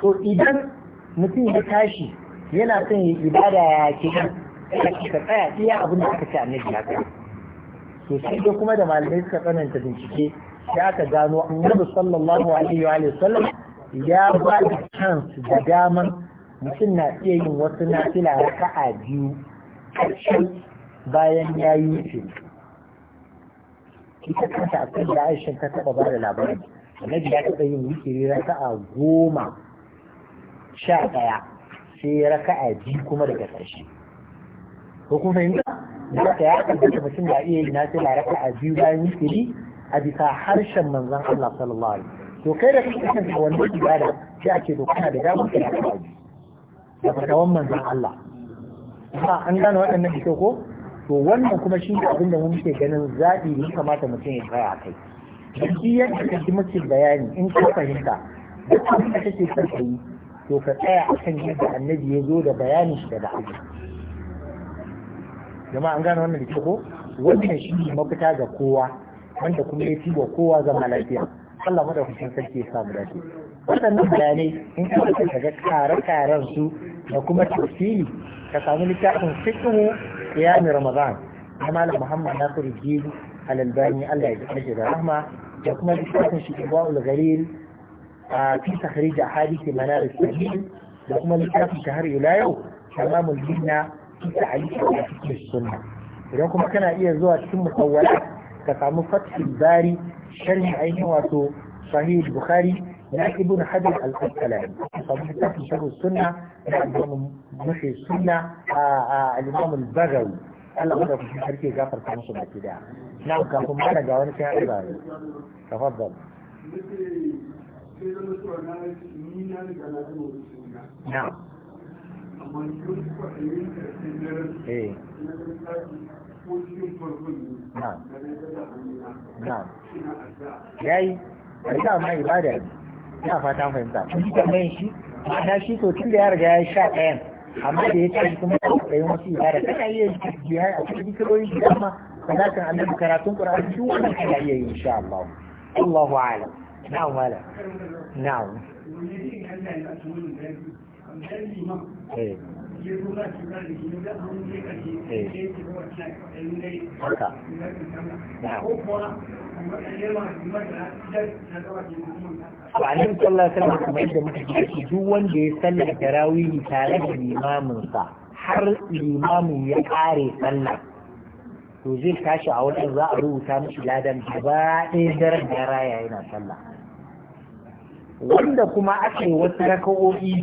to idan mutum ya tashi yana son ya ibada ya ke ka tsaya iya abin da aka ce annabi haka. kai to sai dai kuma da malamai suka tsananta bincike da aka gano annabi sallallahu alaihi wa sallam ya ba da chance da daman mutum na iya yin wasu na nafila raka'a biyu ƙarshe bayan ya yi ce ita kanta a kan da aishin ta taɓa ba da labarin annabi ya taɓa yin wikiri raka'a goma sha ɗaya sai raka'a biyu kuma daga ƙarshe ko kun fahimta da haka ya tabbata mutum na iya yin nafila raka'a biyu bayan wikiri a bisa harshen manzon Allah sallallahu alaihi to kai da kake kanta wannan ibada sai ake kana da damar kai raka'a da fatawan manzan Allah ba an gane waɗannan da ko to wannan kuma shi ne abin da mun ke ganin zaɓi ne kamata mutum ya tsaya a kai shi yadda ka ji mace bayani in ka fahimta duk abin da kake son ka yi to ka tsaya a kan yadda annabi ya zo da bayanin shi daga Allah jama'a an gane wannan da ko wannan shi ne mafita ga kowa wanda kuma ya fi wa kowa zama lafiya Allah madaukakin sarki ya samu dace waɗannan bayanai in ka ka kaga kare su da kuma tafsiri ka samu littafin fiqhu qiyam ramadan na malam Muhammad Nasiru Jili al-Albani Allah ya ji da rahma da kuma littafin shi Ibwaul Ghalil a fi tahrij ahadith manar sahih da kuma littafin ta har ila yau tamamul jinna fi ta'alif idan kuma kana iya zuwa cikin musawwala ka samu fathul bari sharhi ainihin wato sahih bukhari na ibn hajar al-asqalani sabu littafin sharh sunna da al mushi sunna a al-imam al-bagawi Allah ya kuma harke gafarta musu baki da na kafin mana ga wani sai haɗu ba tafaddal na'am na'am yayi addu'a ma ibada ne ina fatan fahimta kun ji shi ma'ana shi to tun da ya riga ya sha ɗayan amma da ya ce kuma ɗayan wasu ibada kana iya jihar a cikin zikirorin shi amma sadakan annabi karatun qur'ani shi wannan kana iya yi insha Allah Allahu a'lam na'am wala na'am Eh. Wa'anin sallar sama kuma yadda muka ji duk wanda ya sallar tarawihi tare da limaminsa har limamin ya ƙare sallar to zai tashi a wajen za a rubuta mashi ladan gaba ɗaya daren da raya yana sallah wanda kuma aka yi wasu raka'o'i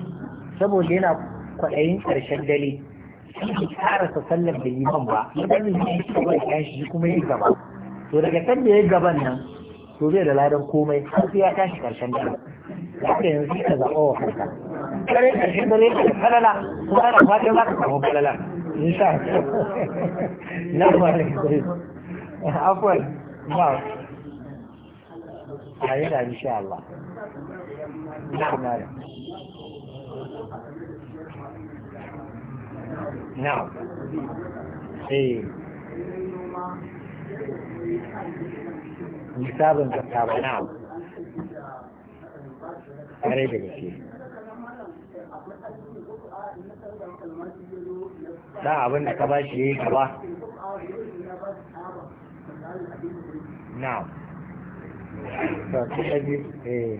saboda yana kwaɗayin ƙarshen dare shi karasa sallar da yi ban ba idan liman ya shiga ya tashi shi kuma ya gaba to daga kan da ya gaban nan to zai da ladan komai har sai ya tashi ƙarshen dare haka yanzu ka zaɓa wa kanka kare ƙarshen dare ka falala kuma ana fatan za ka samu falala insha na ba da kai afwan ba a yana insha Allah na na na'am eh misalin zakka ba na'am kare da gaske da abin da ka shi yayi eh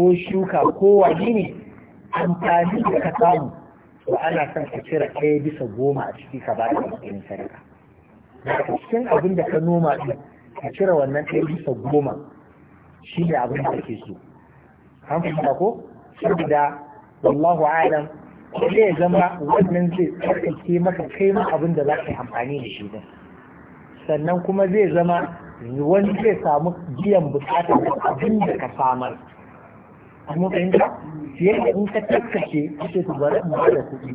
ko shuka ko wani ne amfani da ka samu to ana son ka cire ɗaya bisa goma a ciki ka bada matsayin sadaka daga cikin abin da ka noma ɗin ka cire wannan ɗaya bisa goma shi ne abin da ke so an fahimta ko saboda wallahu alam zai ya zama wannan zai tsarkake maka kai ma abin da za ka yi amfani da shi din sannan kuma zai zama wani zai samu biyan bukatar abin da ka samar mu fahimta shi da in ka tattake kake su bari mu da kuɗi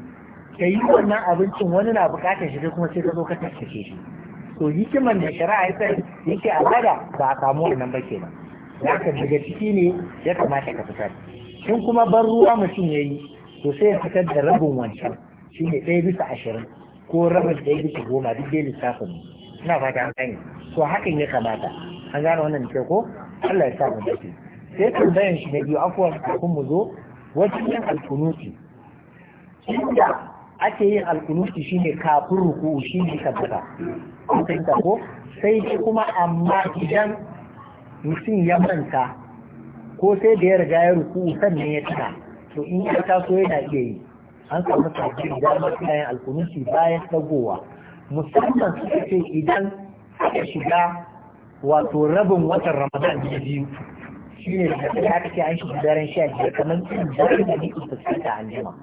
ka yi wannan abincin wani na buƙatar shi kuma sai ka zo ka tattake shi to hikiman da shari'a ya sai yake a bada ba a samu wannan ba kenan da ka daga ciki ne ya kamata ka fitar in kuma ban ruwa mutum ya yi to sai ya fitar da rabin wancan shi ne ɗaya bisa ashirin ko rabin ɗaya bisa goma duk dai lissafin ina fata an gane to hakan ya kamata an gane wannan ke ko Allah ya sa mu dace sai tambayan shi na biyu afuwa kun mu zo wajen yin alkunuti inda ake yin alkunuti ne kafin ruku shi ne kun ko sai dai kuma amma idan mutum ya manta ko sai da ya riga ya ruku sannan ya tuna to in ya taso yana iya yi an samu sabbin damar suna yin alkunuti bayan dagowa musamman suka ce idan aka shiga wato rabin watan ramadan biyu shi ne da ta aka ce an shiga daren sha biyar kamar cin zaɓi da ne fuskanta an jima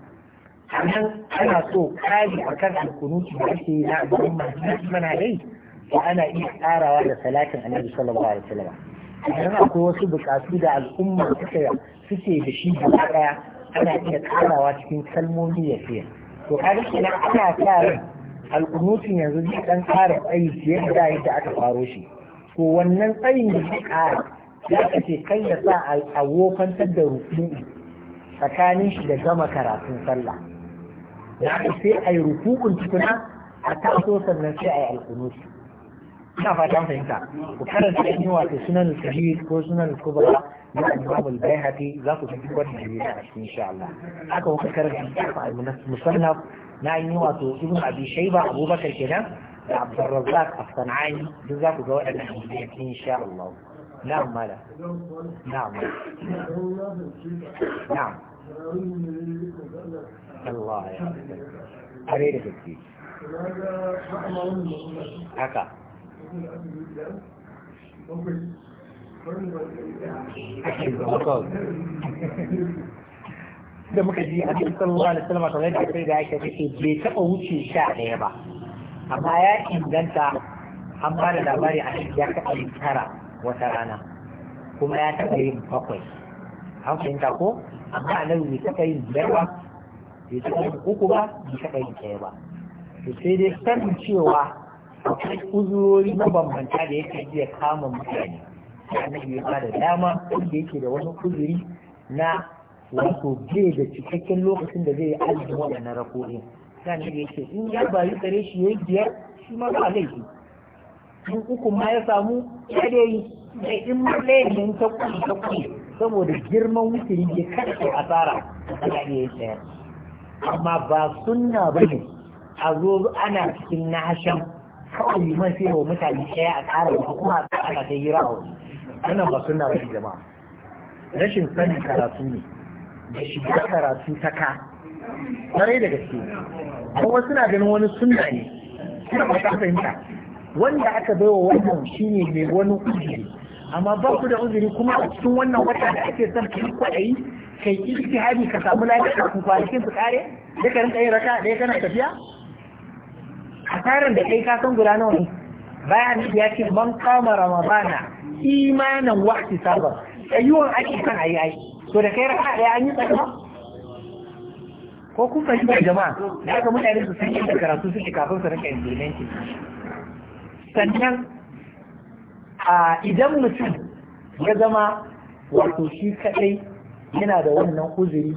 sannan ana so kari a kan alkunuti da ake yi na abin masu mana dai da ana iya tsarawa da salatin annabi sallallahu alaihi wasallam idan akwai wasu bukatu da al'umma suke suke da shi gaba daya ana iya tsarawa cikin kalmomi ya fiye to kaga kenan ana sa alkunutin yanzu zai dan ƙara tsayi fiye da yadda aka faro shi to wannan tsayin da zai ƙara ya kace kai ya sa a wofantar da ruku'i tsakanin shi da gama karatun sallah ya sai a yi ruku'un tukuna a taso sannan sai a yi alkunusi ina fatan fahimta ku karanta in wato sunan sahih ko sunan kubra na imam al-baihaqi za ku ji wannan ne a cikin insha Allah haka kuka karanta fa musannaf na yi wato ibn abi shayba abubakar kenan da abdurrazzaq as-sanani duk za ku ga waɗannan hadisi insha Allah نعم ما لا نعم نعم الله يا أريد تكتيك haka da muka ji a cikin sallama da sallama kamar yadda sai da aka ce bai taba wuce sha ɗaya ba amma ya inganta an ba da labari a cikin ya taɓa tara wata rana kuma ya taɓa yin bakwai an fahimta ko amma a nan bai taɓa yin biyar ba bai taɓa yin uku ba bai taɓa yin ɗaya ba to sai dai sanin cewa akwai uzurori mabambanta da yake iya kama mutane annabi ya da dama wanda yake da wani uzuri na wato bai da cikakken lokacin da zai yi azumin waɗannan rakoɗin sai yake in ya bayu tsare shi ya yi biyar shi ma ba laifi in uku ma ya samu ya dai da in mallai ne ta kuɗi ta saboda girman wuturi ke kada kai asara ana iya sayar amma ba sunna ba ne a zo ana cikin nashan kawai man sai wa mutane ɗaya a ƙara da kuma ana ta yi a wannan ba sunna ba ne jama'a rashin sanin karatu ne da shiga karatu ta ka kwarai da gaske kuma suna ganin wani sunna ne suna ba ta fahimta wanda aka baiwa wannan shine mai wani uzuri amma ba ku da uzuri kuma a cikin wannan wata da ake son kai kwaɗayi kai ijtihadi ka samu lafiya ku kwanakin su kare da ka rinka yin raka da kana tafiya A hasaran da kai ka san guda nawa ne bayan ya ce man kama ramadana imanan waqti sabar ayyuwan ake kan ayi ai to da kai raka ɗaya an yi tsaka ko kun fahimta jama'a da aka mutane su san yadda karatu suke kafin su rinka implementing sannan a idan mutum ya zama wato shi kadai yana da wannan uzuri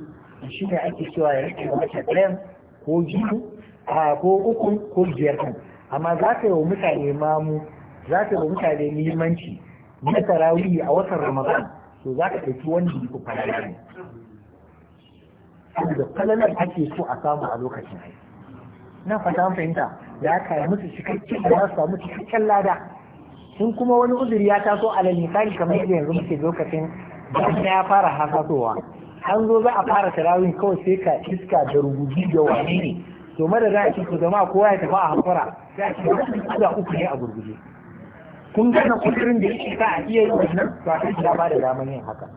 shi ne ake cewa ya rike mace ɗayan ko biyu ko uku ko biyar kan amma za ka yi wa mutane mamu za ka yi wa mutane limanci na tarawihi a watan ramadan to za ka ɗauki wanda ku falala ne saboda falalar ake so a samu a lokacin na fata fahimta da aka yi musu cikakken da za su samu cikakken lada sun kuma wani uzuri ya taso a misali kamar yadda yanzu muke lokacin da ya fara hasasowa an zo za a fara tarawin kawai sai ka iska da rubuji da wane ne to mada za a ce ku zama kowa ya tafi a hakura za a ce da uku ne a gurguje kun gana kudurin da yake sa a iya yi wannan to a ya ba da daman yin haka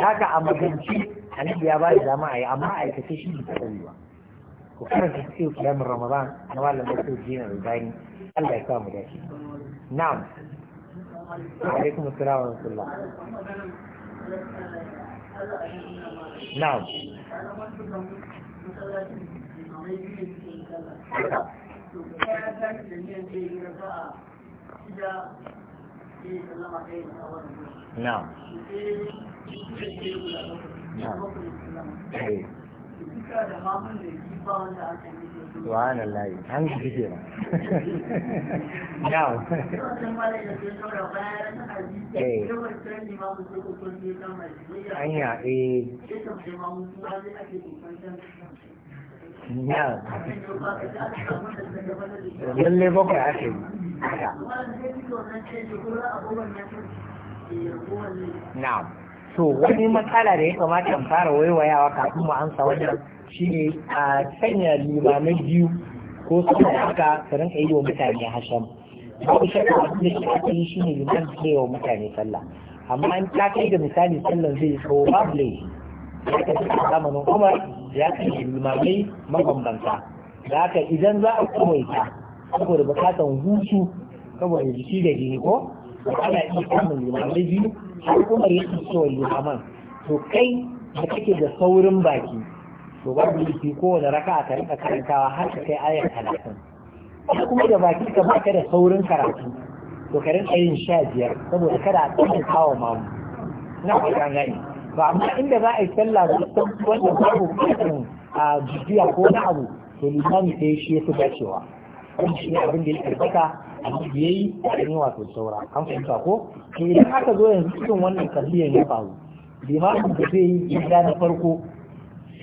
haka a maganci annabi ya ba da dama a yi amma aikace shi ne ta ba ku karanta cikin kiyamun ramadan na malam da su jina rubani Allah ya sa mu dace na'am alaikum assalam wa rahmatullah na'am eh. subhanan layi an ji ke ba yawo eh. anya eh yawo lalle bakwai ake yi na'am so wani matsala da ya kamata in fara waiwayawa kafin mu amsa wannan ne a sanya limamai biyu ko da haka su rinka yi wa mutane hasham babu shakka a cikin shi ake yi ne liman da wa mutane sallah amma an ta kai da misali sallar zai tsawo babu laifi ya kai a zamanin umar ya kai limamai mabambanta da haka idan za a kuma saboda bukatan hutu saboda jiki da jini ko ana iya samun limamai biyu har umar ya ci cewa limaman to kai da kake da saurin baki to yi ko da raka'a ka rika karantawa har ka kai ayar talatin sai kuma da baki ka baka da saurin karatu to ka rinka yin sha biyar saboda kada a tsaye kawo mamu na kwakan gani ba amma inda za a yi sallah da wanda ku kwakin a jijiya ko na abu to limami sai shi ya fi dacewa Kuma shi abin da ya karbata a ya yi a yi wato saura an fahimta ko to idan aka zo yanzu cikin wannan kalliyar ya faru limamin da zai yi gida na farko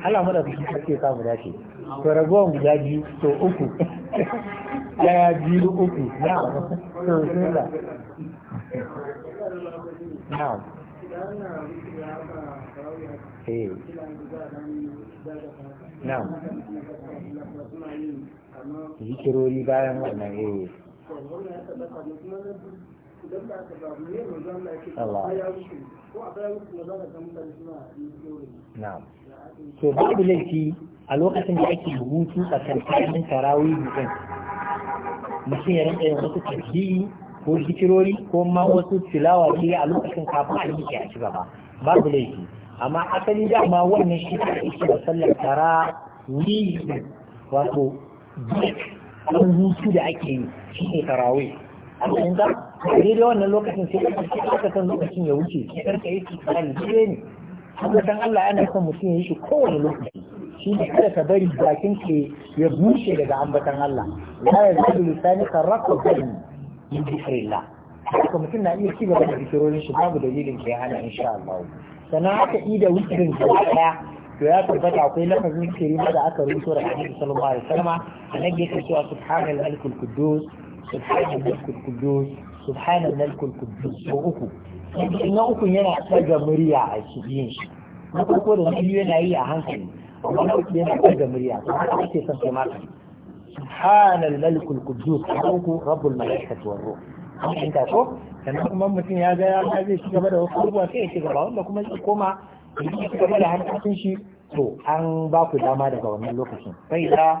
Allah mada su suke samu dace to ragowar guda biyu to uku Yaya biyu uku na to sun na na zikirori bayan wannan eh na'am to babu laifi a lokacin da ake rubutu a kankanin tarawih din mutum ya rinka yin wasu tafiyi ko zikirori ko ma wasu tilawa ce a lokacin kafin a yi a ci gaba babu laifi amma asali dama wannan shi ta ake da sallar tara ni wato duk an hutu da ake yi shi ne tarawih in da daidai wannan lokacin sai ka san lokacin ya wuce kar ka yi kiran dai ne kuma san Allah yana son mutum ya yi shi kowane lokaci shi ne kada ka bari bakin ke ya bushe daga ambatan Allah ya la yazadu lisanika raqaban min dhikrillah haka mutum na iya ci gaba da fikirorin shi babu dalilin ke hana insha Allah sannan haka ida wikirin gaba daya to ya tabbata akwai lafazin kirima da aka rubuto da Annabi sallallahu alaihi wasallam annabi yake cewa subhanal malikul quddus subhanan malkul kudus uku na uku yana ɗaga murya a yin shi na farko da yana yi a hankali amma na uku yana ɗaga murya to haka ake son kai maka subhanan malkul kudus uku rabbul malaikatu war ta ko mutum ya ga zai ci gaba da wasu abubuwa koma ya da harkokin to an ba dama daga wannan lokacin sai da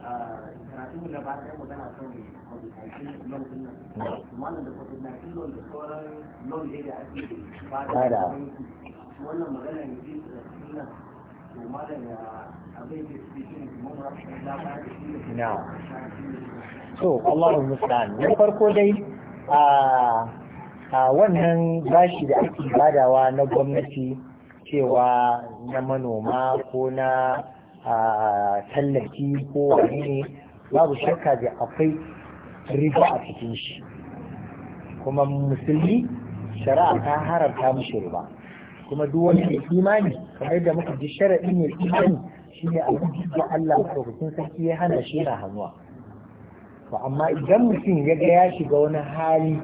karatun da ba ta magana kan covid-19 loan nan wannan da covid-19 loan da sauran loan dai da ake ba da wannan magana ne ji nan to malam ya abin da suke shi ne kuma mu rafa da ba da shi na so Allahu musta'an na farko dai a a wannan bashi da ake badawa na gwamnati cewa na manoma ko na a tallafi ko wani ne babu shakka da akwai riba a cikin shi kuma musulmi shari'a ta haramta mushi riba kuma duk wani mai imani kamar yadda muka ji sharaɗi mai imani shine abin da Allah madaukakin sarki ya hana shi na hannuwa to amma idan mutum ya ga ya shiga wani hali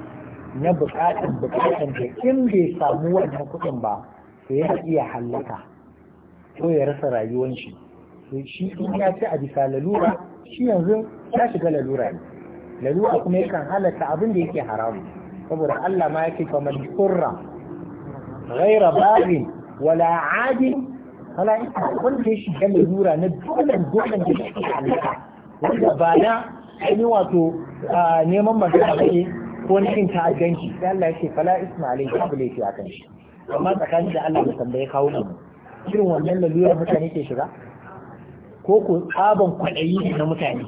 na bukatan bukatan da in bai samu wannan kuɗin ba to ya iya hallaka ko ya rasa rayuwar shi shi in ya ci a bisa lalura shi yanzu ya shiga lalura ne lalura kuma yakan halatta abin da yake haramu saboda Allah ma yake fa man qurra ghaira baghin wala adin wala wanda ya shiga lalura na dole dole da yake halatta wanda ba na ainihin wato neman magana ne ko na yin ta'addanci sai Allah yake fala isma alayhi abu laifi akan shi amma tsakanin da Allah ya tambaye kawo mu irin wannan lalura mutane ke shiga ko ko tsaban kwaɗayi na mutane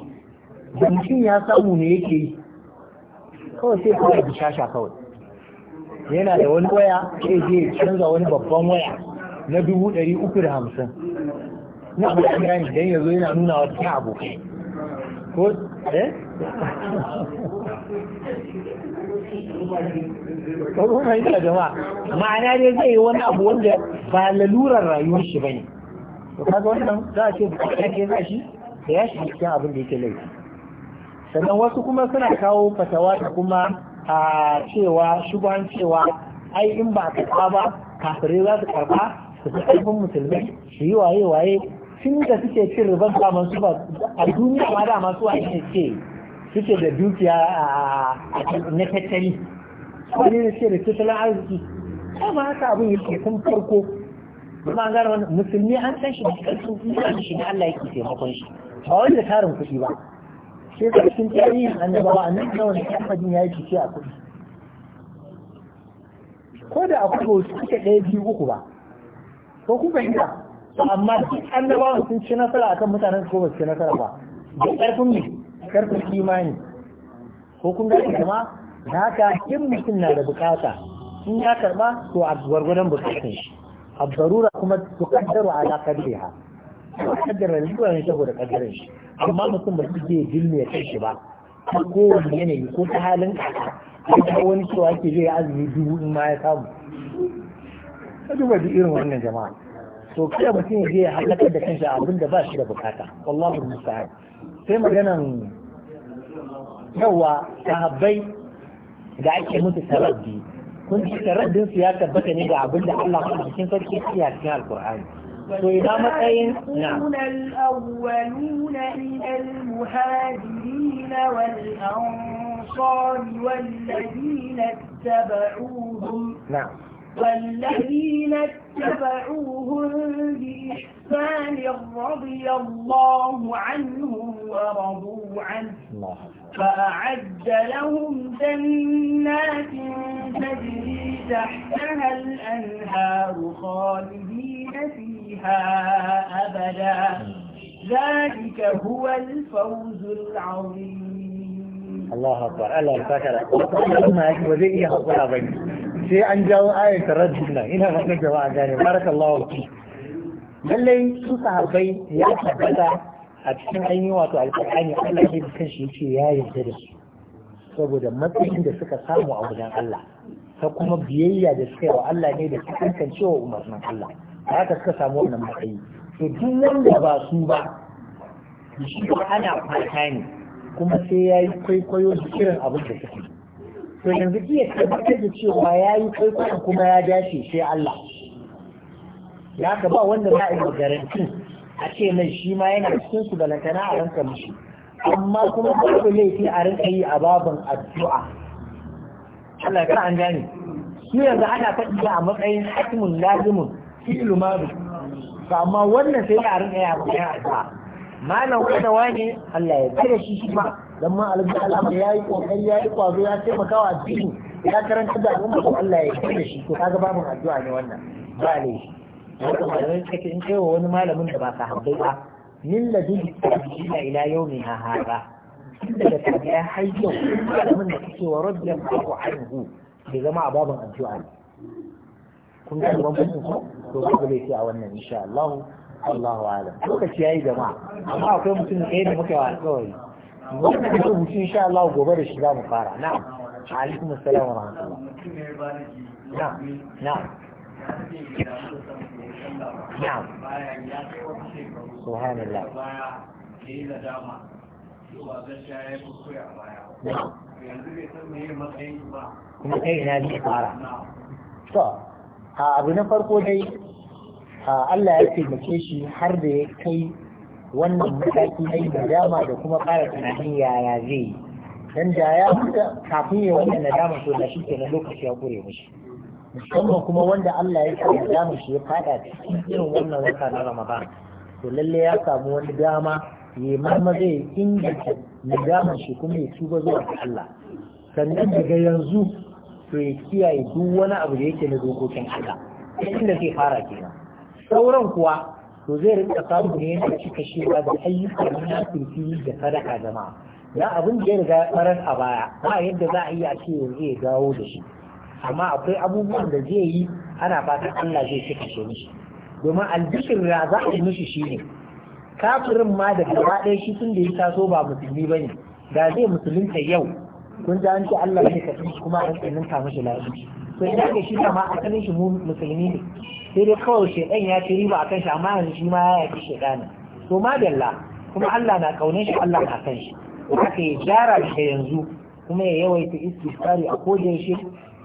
da mutum ya samu ne yake yi kawai sai kawai da shasha kawai yana da wani waya ke je canza wani babban waya na dubu ɗari uku da hamsin na abu da gani don ya zo yana nuna wa ta abokai ko eh ko kuma yana jama'a ma'ana dai zai yi wani abu wanda ba lalurar rayuwar shi ba ne. to kaga za a ce bukatar za shi da ya shi cikin abin da yake laifi sannan wasu kuma suna kawo fatawa da kuma a cewa shugaban cewa ai in ba a ta ba kafirai za su karba su fi ƙarfin musulmai su yi waye waye sun da suke cin riban kamar su ba a duniya ma da masu wani ce suke da dukiya na tattali wani ne ce da tattalin arziki Kuma haka abin yake sun farko kuma an gane wannan musulmi an san shi da karfin imani shi da Allah yake taimakon shi ba wani da tarin kuɗi ba sai ka cikin tarihin annabawa annabi da wani kamfanin ya yi kici a kuɗi ko da akwai ba su kuke ɗaya biyu uku ba ko ku fahimta amma duk annabawan sun ci nasara akan mutanen ko ba su ci nasara ba da ƙarfin ne ƙarfin imani ko kun gani kuma da haka in mutum na da bukata in ya karɓa to a gwargwadon bukatun shi الضرورة كما تقدر على قدرها قدر الجوع ne saboda kadarin shi amma mutum ba su je jilmi ya ba ta kowane yanayi ko ta halin kaka wani cewa ke zai azumi dubu in ma ya samu duba irin wannan jama'a to kada mutum ya halakar da kansa abin da ba shi da bukata wallahu musta'an sai maganan yawa sahabbai da ake musu sarabbi kun raddin su ya tabbata ne ga abin da Allah cikin sarki ya cikin alkur'ani to matsayin na الأولون من المهاجرين والأنصار والذين اتبعوهم نعم والذين اتبعوهم بإحسان رضي الله عنهم ورضوا عنه الله فأعد لهم جنات تجري تحتها الأنهار خالدين فيها أبدا ذلك هو الفوز العظيم الله أكبر الله الفاكرة الله أكبر ذي أكبر أبي سي أنجاو آية رد هنا هنا مثل جواء بارك الله فيك للي سوصة هربي يا حبتا a cikin ainihin wato alƙur'ani Allah ne da kanshi yake ya yarda da su saboda matsayin da suka samu a wajen Allah ta kuma biyayya da suka yi wa Allah ne da su kankance cewa umarnin Allah haka suka samu wannan matsayi to duk wanda ba su ba shi ba ana fata ne kuma sai ya yi kwaikwayo da kiran abin da suke to yanzu iya tabbatar da cewa ya yi kwaikwayon kuma ya dace sai Allah ya ka ba wanda ba a yi garantin a ce mai shi ma yana cikin su latana a ranka mishi amma kuma babu laifi a rinka yi a babin addu'a Allah ka an gane shi yanzu ana faɗi a matsayin hatmun lazimun fi'lu madu to amma wannan sai a rinka yi a matsayin addu'a malam kada wani Allah ya kare shi shi ma dan ma alhamdulillah ya yi kokari ya yi kwazo ya taimaka wa addini ya karanta da al'umma Allah ya kare shi to kaga babin addu'a ne wannan ba laifi wata malamai suka ce in kai wa wani malamin da ba sahabbai ba min ladin tabi'ina ila yau ne yawmi hada tun daga tabi'a har yau malamin da kake wa radiyallahu anhu bai zama a babin addu'a ne kun ga mutum ko to ba zai ci a wannan insha Allah Allahu alam lokaci yayi jama'a amma akwai mutum ɗaya da muka yi alƙawari wannan rubutu insha Allah gobe da shi za mu fara na'am alaikum assalam wa rahmatullah na'am na'am na'am subhanallah kuma kai ina zai fara abu farko dai Allah ya taimake shi har da ya kai wannan mataki na yin dama da kuma ƙara tunanin yaya zai yi dan da ya kafin ya wannan nadama to da shi na lokaci ya kure mashi musamman kuma wanda Allah ya sa damu shi ya fada cikin irin wannan wata na Ramadan to lalle ya samu wani dama ya mamma zai inganta nadaman shi kuma ya tuba zuwa ga Allah sannan daga yanzu to ya kiyaye duk wani abu da yake na dokokin Allah inda zai fara kenan sauran kuwa to zai rinka samu ne yana cika ba da ayyuka na firfi da sadaka jama'a na abin da ya riga a baya ba yadda za a iya ce yanzu ya dawo da shi amma akwai abubuwan da zai yi ana fatan Allah zai cika shi mishi domin albishir da za a yi mishi ne. kafirin ma da gaba ɗaya shi tun da ya taso ba musulmi ba ne. da zai musulunta yau kun ji an ce Allah zai kafi kuma an tsananta mishi lafiya to idan ga shi ma asalin shi musulmi ne sai dai kawai shedan ya ci riba akan shi amma yanzu shi ma ya yaki shedana to madalla kuma Allah na kaunar shi Allah na san shi haka ya gyara da yanzu kuma ya yawaita istighfari a kodin shi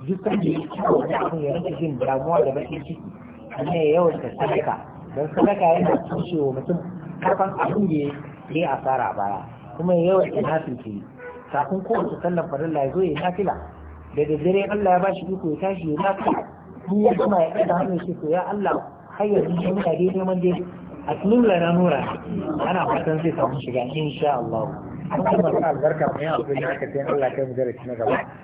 duk kan ya yake wani abin ya rasa jin damuwa da bakin ciki ne yawan ta sadaka don sadaka yana tushe wa mutum kafan abin da ya yi asara baya kuma ya yawan ta nafi ce kafin kowace sallan farilla ya zo ya nafila da daddare Allah ya ba shi iko ya tashi ya nafi ni ya gama ya ɗaga hannun shi to ya Allah har yanzu shi muna dai neman dai a tulula na nura ana fatan zai samu shiga insha Allah. An kuma albarka mai abu da aka sayan Allah yi mu darasi na gaba.